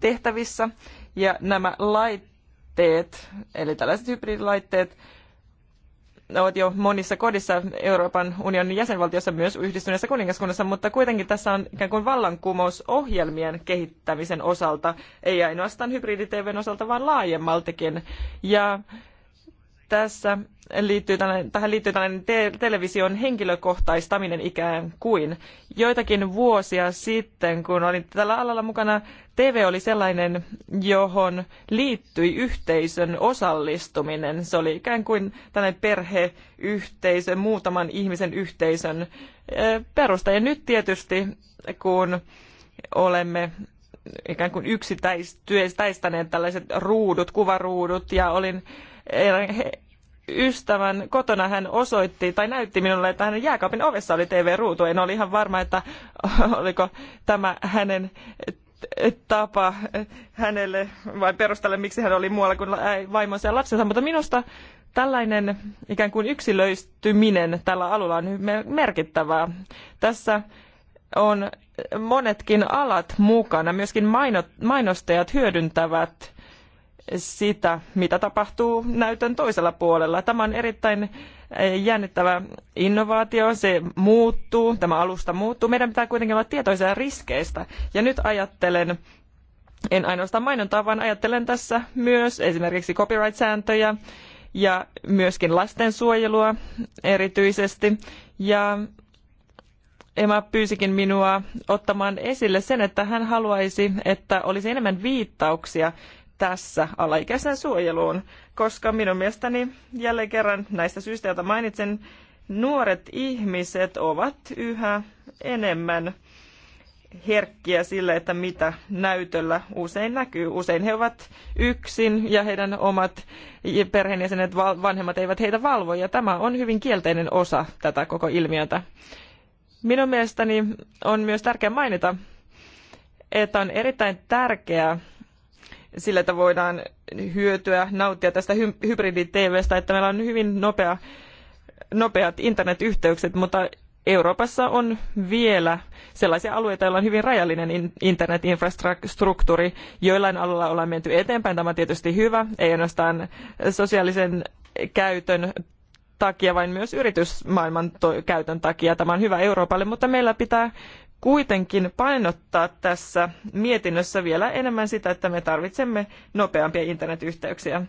tehtävissä. Ja nämä laitteet, eli tällaiset hybridilaitteet, ovat jo monissa kodissa Euroopan unionin jäsenvaltiossa myös yhdistyneessä kuningaskunnassa, mutta kuitenkin tässä on ikään kuin vallankumous ohjelmien kehittämisen osalta, ei ainoastaan hybridi-TVn osalta, vaan laajemmaltikin. Ja tässä liittyy tällainen, tähän liittyy tällainen te- television henkilökohtaistaminen ikään kuin. Joitakin vuosia sitten, kun olin tällä alalla mukana, TV oli sellainen, johon liittyi yhteisön osallistuminen. Se oli ikään kuin tällainen perheyhteisö, muutaman ihmisen yhteisön e, perusta. Ja nyt tietysti, kun olemme ikään kuin yksittäistäneet tällaiset ruudut, kuvaruudut, ja olin ystävän kotona hän osoitti tai näytti minulle, että hänen jääkaapin ovessa oli TV-ruutu. En ole ihan varma, että oliko tämä hänen tapa hänelle vai perustelle, miksi hän oli muualla kuin vaimonsa ja lapsensa, mutta minusta tällainen ikään kuin yksilöistyminen tällä alulla on merkittävää. Tässä on monetkin alat mukana, myöskin mainostajat hyödyntävät sitä, mitä tapahtuu näytön toisella puolella. Tämä on erittäin eh, jännittävä innovaatio, se muuttuu, tämä alusta muuttuu. Meidän pitää kuitenkin olla tietoisia riskeistä. Ja nyt ajattelen, en ainoastaan mainontaa, vaan ajattelen tässä myös esimerkiksi copyright-sääntöjä ja myöskin lastensuojelua erityisesti. Ja Emma pyysikin minua ottamaan esille sen, että hän haluaisi, että olisi enemmän viittauksia tässä alaikäisen suojeluun, koska minun mielestäni jälleen kerran näistä syistä, joita mainitsen, nuoret ihmiset ovat yhä enemmän herkkiä sille, että mitä näytöllä usein näkyy. Usein he ovat yksin ja heidän omat perheenjäsenet, vanhemmat eivät heitä valvo ja tämä on hyvin kielteinen osa tätä koko ilmiötä. Minun mielestäni on myös tärkeää mainita, että on erittäin tärkeää, sillä, että voidaan hyötyä, nauttia tästä hybridi-TVstä, että meillä on hyvin nopea, nopeat internetyhteykset, mutta Euroopassa on vielä sellaisia alueita, joilla on hyvin rajallinen internetinfrastruktuuri. Joillain alueilla ollaan menty eteenpäin. Tämä on tietysti hyvä, ei ainoastaan sosiaalisen käytön takia, vaan myös yritysmaailman käytön takia. Tämä on hyvä Euroopalle, mutta meillä pitää kuitenkin painottaa tässä mietinnössä vielä enemmän sitä, että me tarvitsemme nopeampia internetyhteyksiä.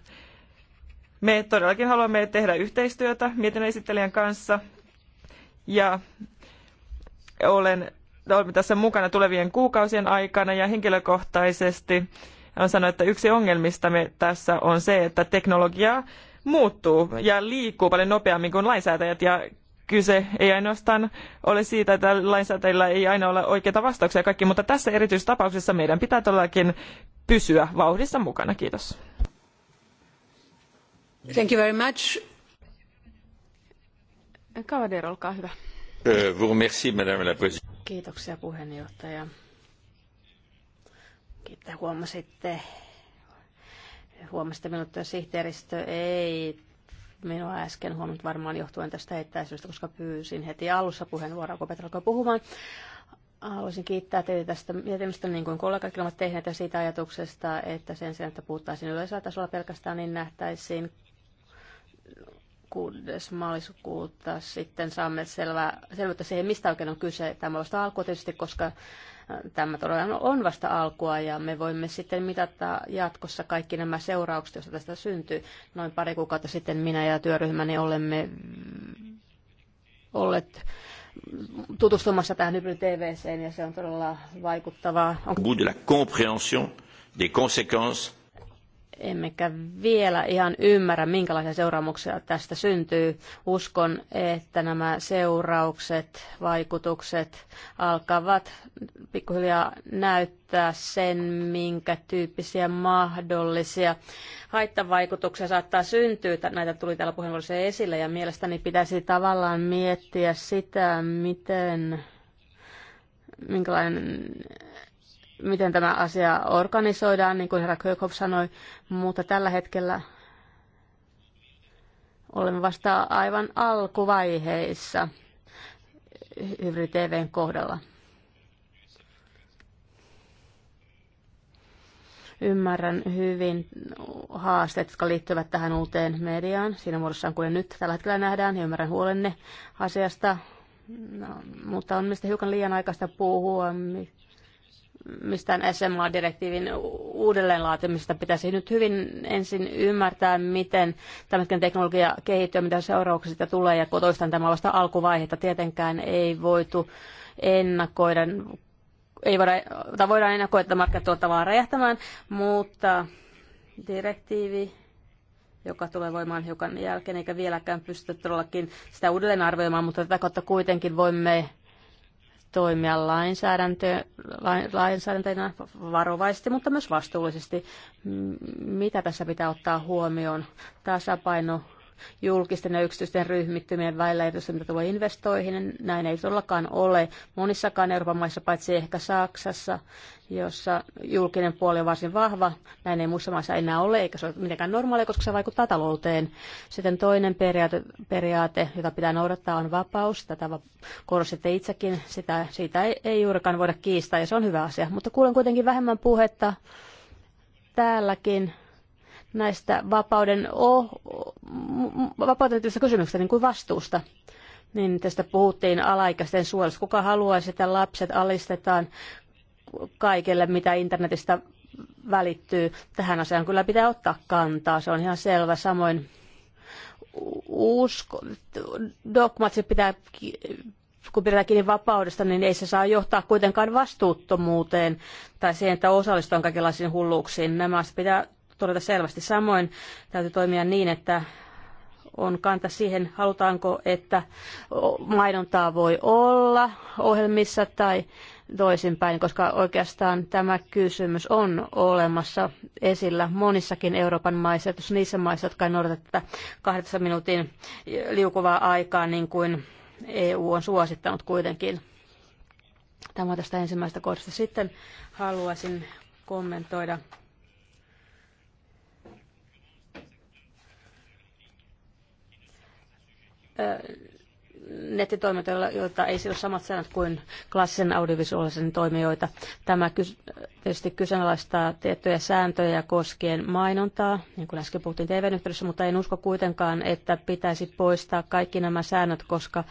Me todellakin haluamme tehdä yhteistyötä mietinnön esittelijän kanssa ja olen, ollut tässä mukana tulevien kuukausien aikana ja henkilökohtaisesti on sanoa, että yksi ongelmista me tässä on se, että teknologia muuttuu ja liikkuu paljon nopeammin kuin lainsäätäjät ja kyse ei ainoastaan ole siitä, että lainsäätäjillä ei aina ole oikeita vastauksia kaikki, mutta tässä erityistapauksessa meidän pitää todellakin pysyä vauhdissa mukana. Kiitos. Thank you very much. Kavader, olkaa hyvä. Kiitoksia puheenjohtaja. Kiitos, huomasitte huomasitte minut, että sihteeristö ei minua äsken huomannut varmaan johtuen tästä etäisyydestä, koska pyysin heti alussa puheenvuoroa, kun Petra alkoi puhumaan. Haluaisin kiittää teitä tästä mietinnöstä, niin kuin kollegat ovat tehneet, ja siitä ajatuksesta, että sen sijaan, että puhuttaisiin yleisellä tasolla pelkästään, niin nähtäisiin 6. maaliskuuta sitten saamme selvää, selvyyttä siihen, mistä oikein on kyse. Tämä vasta alkua tietysti, koska Tämä todella on vasta alkua ja me voimme sitten mitata jatkossa kaikki nämä seuraukset, joista tästä syntyy. Noin pari kuukautta sitten minä ja työryhmäni olemme olleet tutustumassa tähän hybrid TVCen ja se on todella vaikuttavaa. la compréhension des conséquences emmekä vielä ihan ymmärrä, minkälaisia seuraamuksia tästä syntyy. Uskon, että nämä seuraukset, vaikutukset alkavat pikkuhiljaa näyttää sen, minkä tyyppisiä mahdollisia haittavaikutuksia saattaa syntyä. Näitä tuli täällä puheenvuorossa esille ja mielestäni pitäisi tavallaan miettiä sitä, miten minkälainen miten tämä asia organisoidaan, niin kuin herra Kökhoff sanoi, mutta tällä hetkellä olemme vasta aivan alkuvaiheissa Hyvri TVn kohdalla. Ymmärrän hyvin haasteet, jotka liittyvät tähän uuteen mediaan siinä muodossaan kuin nyt tällä hetkellä nähdään niin ymmärrän huolenne asiasta. No, mutta on mielestäni hiukan liian aikaista puhua mistään SMA-direktiivin uudelleenlaatimisesta pitäisi nyt hyvin ensin ymmärtää, miten tämän teknologia kehittyy, mitä seurauksia sitä tulee, ja toistan tämä vasta alkuvaihetta. Tietenkään ei voitu ennakoida, ei voida, tai voidaan ennakoida, että markkinat tuottavaa räjähtämään, mutta direktiivi joka tulee voimaan hiukan jälkeen, eikä vieläkään pystytä todellakin sitä uudelleen arvioimaan, mutta tätä kautta kuitenkin voimme toimia lainsäädäntö, lainsäädäntöinä varovaisesti, mutta myös vastuullisesti. Mitä tässä pitää ottaa huomioon? Tasapaino julkisten ja yksityisten ryhmittymien välillä, erityisesti mitä tulee investoihin. Niin näin ei todellakaan ole monissakaan Euroopan maissa, paitsi ehkä Saksassa, jossa julkinen puoli on varsin vahva. Näin ei muissa maissa enää ole, eikä se ole mitenkään normaalia, koska se vaikuttaa talouteen. Sitten toinen periaate, periaate jota pitää noudattaa, on vapaus. Tätä korostitte itsekin. Sitä, siitä ei, ei juurikaan voida kiistää, ja se on hyvä asia. Mutta kuulen kuitenkin vähemmän puhetta täälläkin näistä vapauden oh, vapautetuista kysymyksistä, niin kuin vastuusta. Niin tästä puhuttiin alaikäisten suojelusta. Kuka haluaisi, että lapset alistetaan kaikille, mitä internetistä välittyy. Tähän asiaan kyllä pitää ottaa kantaa, se on ihan selvä. Samoin usko, dogmat, se pitää, kun pidetään kiinni vapaudesta, niin ei se saa johtaa kuitenkaan vastuuttomuuteen tai siihen, että osallistutaan kaikenlaisiin hulluuksiin. Nämä pitää todeta selvästi. Samoin täytyy toimia niin, että on kanta siihen, halutaanko, että mainontaa voi olla ohjelmissa tai toisinpäin, koska oikeastaan tämä kysymys on olemassa esillä monissakin Euroopan maissa, jos niissä maissa, jotka ei noudata tätä kahdeksan minuutin liukuvaa aikaa, niin kuin EU on suosittanut kuitenkin. Tämä tästä ensimmäistä kohdasta. Sitten haluaisin kommentoida nettitoimijoita, joita ei ole samat säännöt kuin klassisen audiovisuaalisen toimijoita. Tämä tietysti kyseenalaistaa tiettyjä sääntöjä koskien mainontaa, niin kuin äsken puhuttiin TV-yhteydessä, mutta en usko kuitenkaan, että pitäisi poistaa kaikki nämä säännöt, koska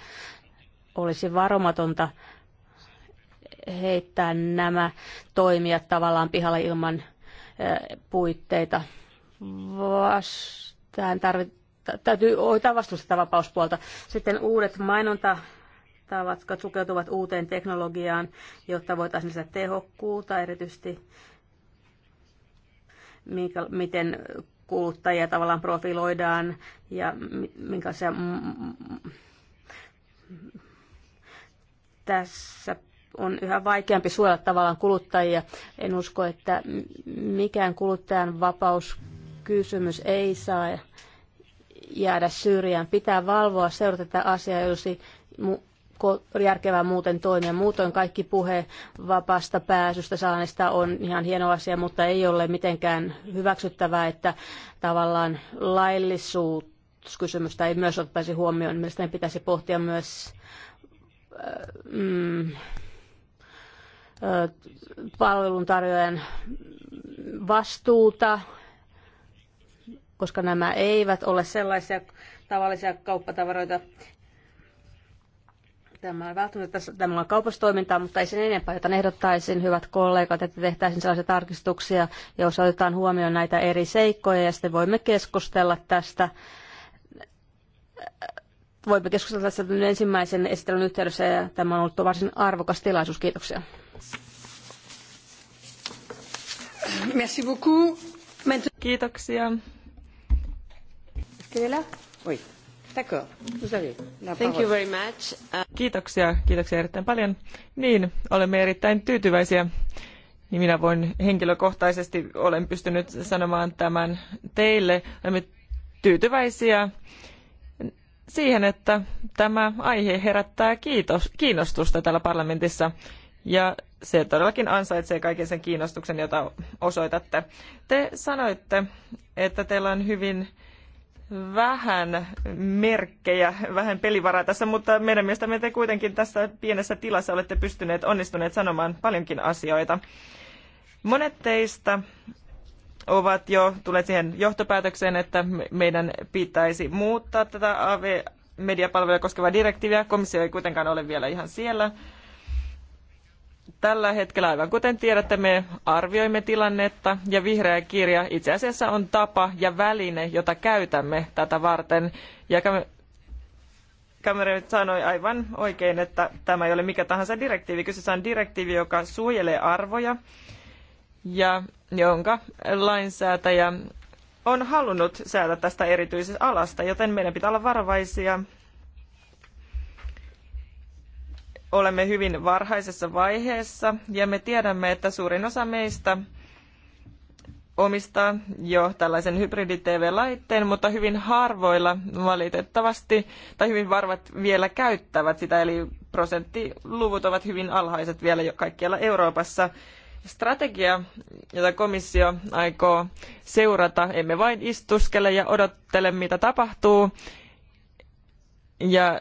olisi varomatonta heittää nämä toimijat tavallaan pihalla ilman puitteita. Vastaan tarvitaan täytyy hoitaa vastuusta vapauspuolta. Sitten uudet mainonta tavat, jotka uuteen teknologiaan, jotta voitaisiin lisätä tehokkuutta, erityisesti minkä, miten kuluttajia tavallaan profiloidaan ja minkälaisia tässä on yhä vaikeampi suojella tavallaan kuluttajia. En usko, että mikään kuluttajan vapauskysymys ei saa jäädä syrjään. Pitää valvoa, seurata tätä asiaa, olisi järkevää muuten toimia. Muutoin kaikki puhe vapaasta pääsystä saanesta on ihan hieno asia, mutta ei ole mitenkään hyväksyttävää, että tavallaan laillisuuskysymystä ei myös ottaisi huomioon. Mielestäni pitäisi pohtia myös äh, mm, äh, palveluntarjoajan vastuuta koska nämä eivät ole sellaisia tavallisia kauppatavaroita. Tämä on välttämättä tämä on kaupastoimintaa, mutta ei sen enempää, joten ehdottaisin, hyvät kollegat, että tehtäisiin sellaisia tarkistuksia, joissa otetaan huomioon näitä eri seikkoja ja sitten voimme keskustella tästä voimme keskustella tässä ensimmäisen esittelyn yhteydessä ja tämä on ollut varsin arvokas tilaisuus. Kiitoksia. Merci beaucoup. Kiitoksia. D'accord. Vous avez la Thank you very much. Uh, kiitoksia, kiitoksia erittäin paljon. Niin, olemme erittäin tyytyväisiä. Niin minä voin henkilökohtaisesti, olen pystynyt sanomaan tämän teille. Olemme tyytyväisiä siihen, että tämä aihe herättää kiitos, kiinnostusta täällä parlamentissa ja se todellakin ansaitsee kaiken sen kiinnostuksen, jota osoitatte. Te sanoitte, että teillä on hyvin vähän merkkejä, vähän pelivaraa tässä, mutta meidän mielestämme te kuitenkin tässä pienessä tilassa olette pystyneet onnistuneet sanomaan paljonkin asioita. Monet teistä ovat jo tulleet siihen johtopäätökseen, että meidän pitäisi muuttaa tätä AV-mediapalveluja koskevaa direktiiviä. Komissio ei kuitenkaan ole vielä ihan siellä. Tällä hetkellä, aivan kuten tiedätte, me arvioimme tilannetta ja vihreä kirja itse asiassa on tapa ja väline, jota käytämme tätä varten. Ja Cameron sanoi aivan oikein, että tämä ei ole mikä tahansa direktiivi. Kyseessä on direktiivi, joka suojelee arvoja ja jonka lainsäätäjä on halunnut säätää tästä erityisestä alasta, joten meidän pitää olla varovaisia olemme hyvin varhaisessa vaiheessa ja me tiedämme, että suurin osa meistä omistaa jo tällaisen hybridi-TV-laitteen, mutta hyvin harvoilla valitettavasti, tai hyvin varvat vielä käyttävät sitä, eli prosenttiluvut ovat hyvin alhaiset vielä jo kaikkialla Euroopassa. Strategia, jota komissio aikoo seurata, emme vain istuskele ja odottele, mitä tapahtuu, ja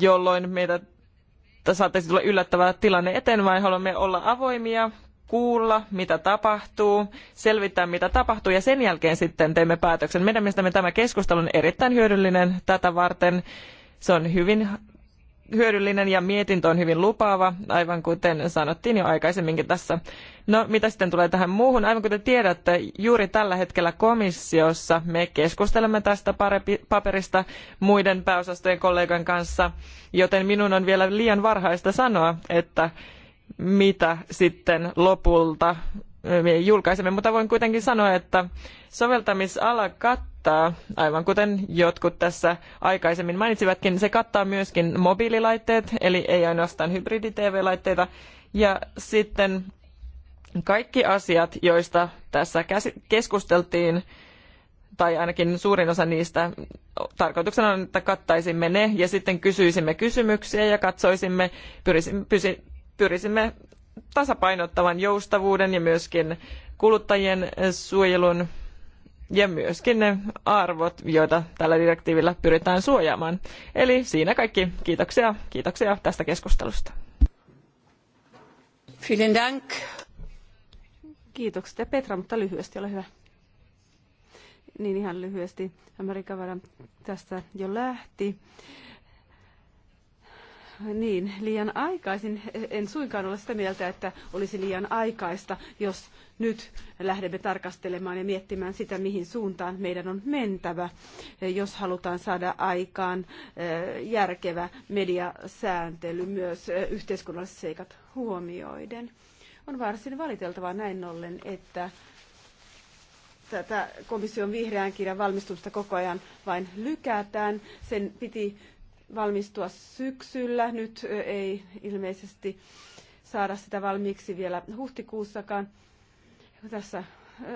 jolloin meitä saattaisi tulla yllättävä tilanne eteen, vai haluamme olla avoimia, kuulla, mitä tapahtuu, selvittää, mitä tapahtuu, ja sen jälkeen sitten teemme päätöksen. Meidän mielestämme tämä keskustelu on erittäin hyödyllinen tätä varten. Se on hyvin hyödyllinen ja mietintö on hyvin lupaava, aivan kuten sanottiin jo aikaisemminkin tässä. No mitä sitten tulee tähän muuhun? Aivan kuten tiedätte, juuri tällä hetkellä komissiossa me keskustelemme tästä paperista muiden pääosastojen kollegan kanssa, joten minun on vielä liian varhaista sanoa, että mitä sitten lopulta eh, me julkaisemme, mutta voin kuitenkin sanoa, että Soveltamisala kattaa, aivan kuten jotkut tässä aikaisemmin mainitsivatkin, se kattaa myöskin mobiililaitteet, eli ei ainoastaan hybridi-TV-laitteita, ja sitten kaikki asiat, joista tässä keskusteltiin, tai ainakin suurin osa niistä, tarkoituksena on, että kattaisimme ne ja sitten kysyisimme kysymyksiä ja katsoisimme, pyrisimme, pyrisimme tasapainottavan joustavuuden ja myöskin kuluttajien suojelun ja myöskin ne arvot, joita tällä direktiivillä pyritään suojaamaan. Eli siinä kaikki. Kiitoksia, kiitoksia tästä keskustelusta. Vielen Dank. Kiitokset ja Petra, mutta lyhyesti, ole hyvä. Niin ihan lyhyesti. Amerikka tästä jo lähti niin, liian aikaisin. En suinkaan ole sitä mieltä, että olisi liian aikaista, jos nyt lähdemme tarkastelemaan ja miettimään sitä, mihin suuntaan meidän on mentävä, jos halutaan saada aikaan eh, järkevä mediasääntely myös eh, yhteiskunnalliset seikat huomioiden. On varsin valiteltavaa näin ollen, että tätä komission vihreän kirjan valmistumista koko ajan vain lykätään. Sen piti valmistua syksyllä. Nyt ei ilmeisesti saada sitä valmiiksi vielä huhtikuussakaan. Tässä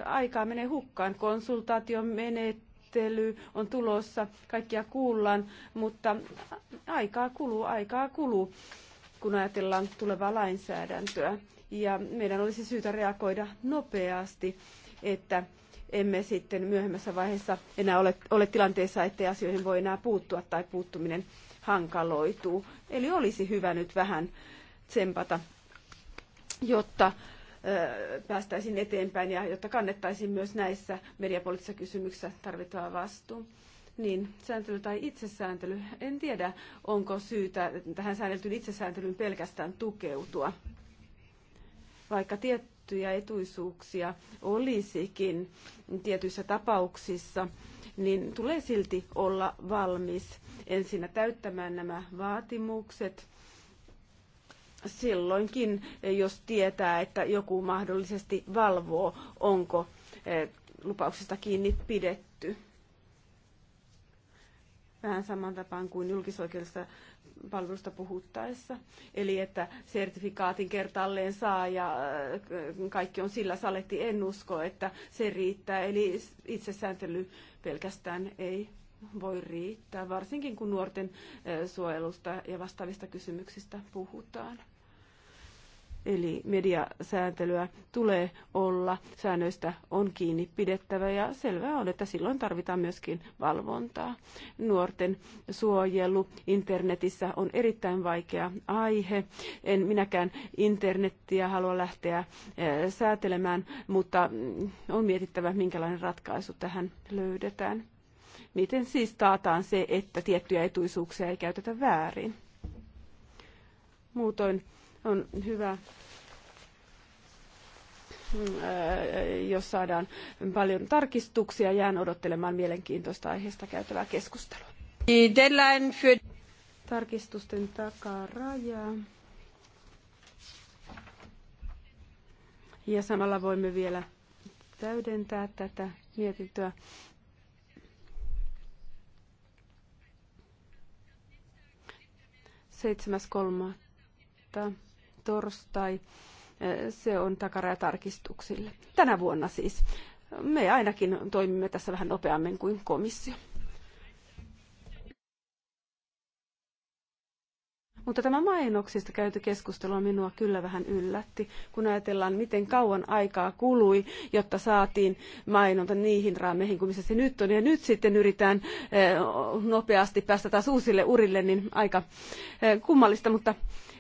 aikaa menee hukkaan. Konsultaation menettely on tulossa, kaikkia kuullaan, mutta aikaa kuluu, aikaa kuluu, kun ajatellaan tulevaa lainsäädäntöä. Ja meidän olisi syytä reagoida nopeasti, että emme sitten myöhemmässä vaiheessa enää ole, ole tilanteessa, ettei asioihin voi enää puuttua tai puuttuminen hankaloituu. Eli olisi hyvä nyt vähän tsempata, jotta päästäisiin eteenpäin ja jotta kannettaisiin myös näissä mediapoliittisissa kysymyksissä tarvittava vastuu. Niin, sääntely tai itsesääntely. En tiedä, onko syytä tähän säänneltyyn itsesääntelyyn pelkästään tukeutua. Vaikka tietty tiettyjä etuisuuksia olisikin tietyissä tapauksissa, niin tulee silti olla valmis ensinnä täyttämään nämä vaatimukset silloinkin, jos tietää, että joku mahdollisesti valvoo, onko eh, lupauksista kiinni pidetty. Vähän saman tapaan kuin julkisoikeudessa palvelusta puhuttaessa. Eli että sertifikaatin kertalleen saa ja äh, kaikki on sillä saletti, en usko, että se riittää. Eli itsesääntely pelkästään ei voi riittää, varsinkin kun nuorten äh, suojelusta ja vastaavista kysymyksistä puhutaan. Eli mediasääntelyä tulee olla, säännöistä on kiinni pidettävä ja selvää on, että silloin tarvitaan myöskin valvontaa. Nuorten suojelu internetissä on erittäin vaikea aihe. En minäkään internettiä halua lähteä eh, säätelemään, mutta mm, on mietittävä, minkälainen ratkaisu tähän löydetään. Miten siis taataan se, että tiettyjä etuisuuksia ei käytetä väärin? Muutoin on hyvä äh, jos saadaan paljon tarkistuksia. Jään odottelemaan mielenkiintoista aiheesta käytävää keskustelua. Tarkistusten takaraja. Ja samalla voimme vielä täydentää tätä mietintöä. Seitsemäs kolmatta torstai. Se on takarajatarkistuksille. Tänä vuonna siis. Me ainakin toimimme tässä vähän nopeammin kuin komissio. Mutta tämä mainoksista käyty keskustelu minua kyllä vähän yllätti, kun ajatellaan, miten kauan aikaa kului, jotta saatiin mainonta niihin raameihin kuin missä se nyt on. Ja nyt sitten yritetään eh, nopeasti päästä taas uusille urille, niin aika eh, kummallista, mutta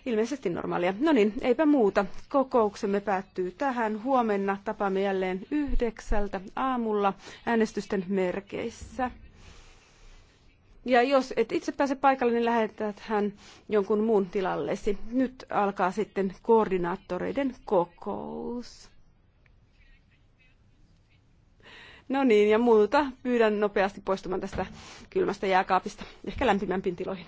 ilmeisesti normaalia. No niin, eipä muuta. Kokouksemme päättyy tähän. Huomenna tapaamme jälleen yhdeksältä aamulla äänestysten merkeissä. Ja jos et itse pääse paikalle, niin lähetät hän jonkun muun tilallesi. Nyt alkaa sitten koordinaattoreiden kokous. No niin, ja muuta pyydän nopeasti poistumaan tästä kylmästä jääkaapista, ehkä lämpimämpiin tiloihin.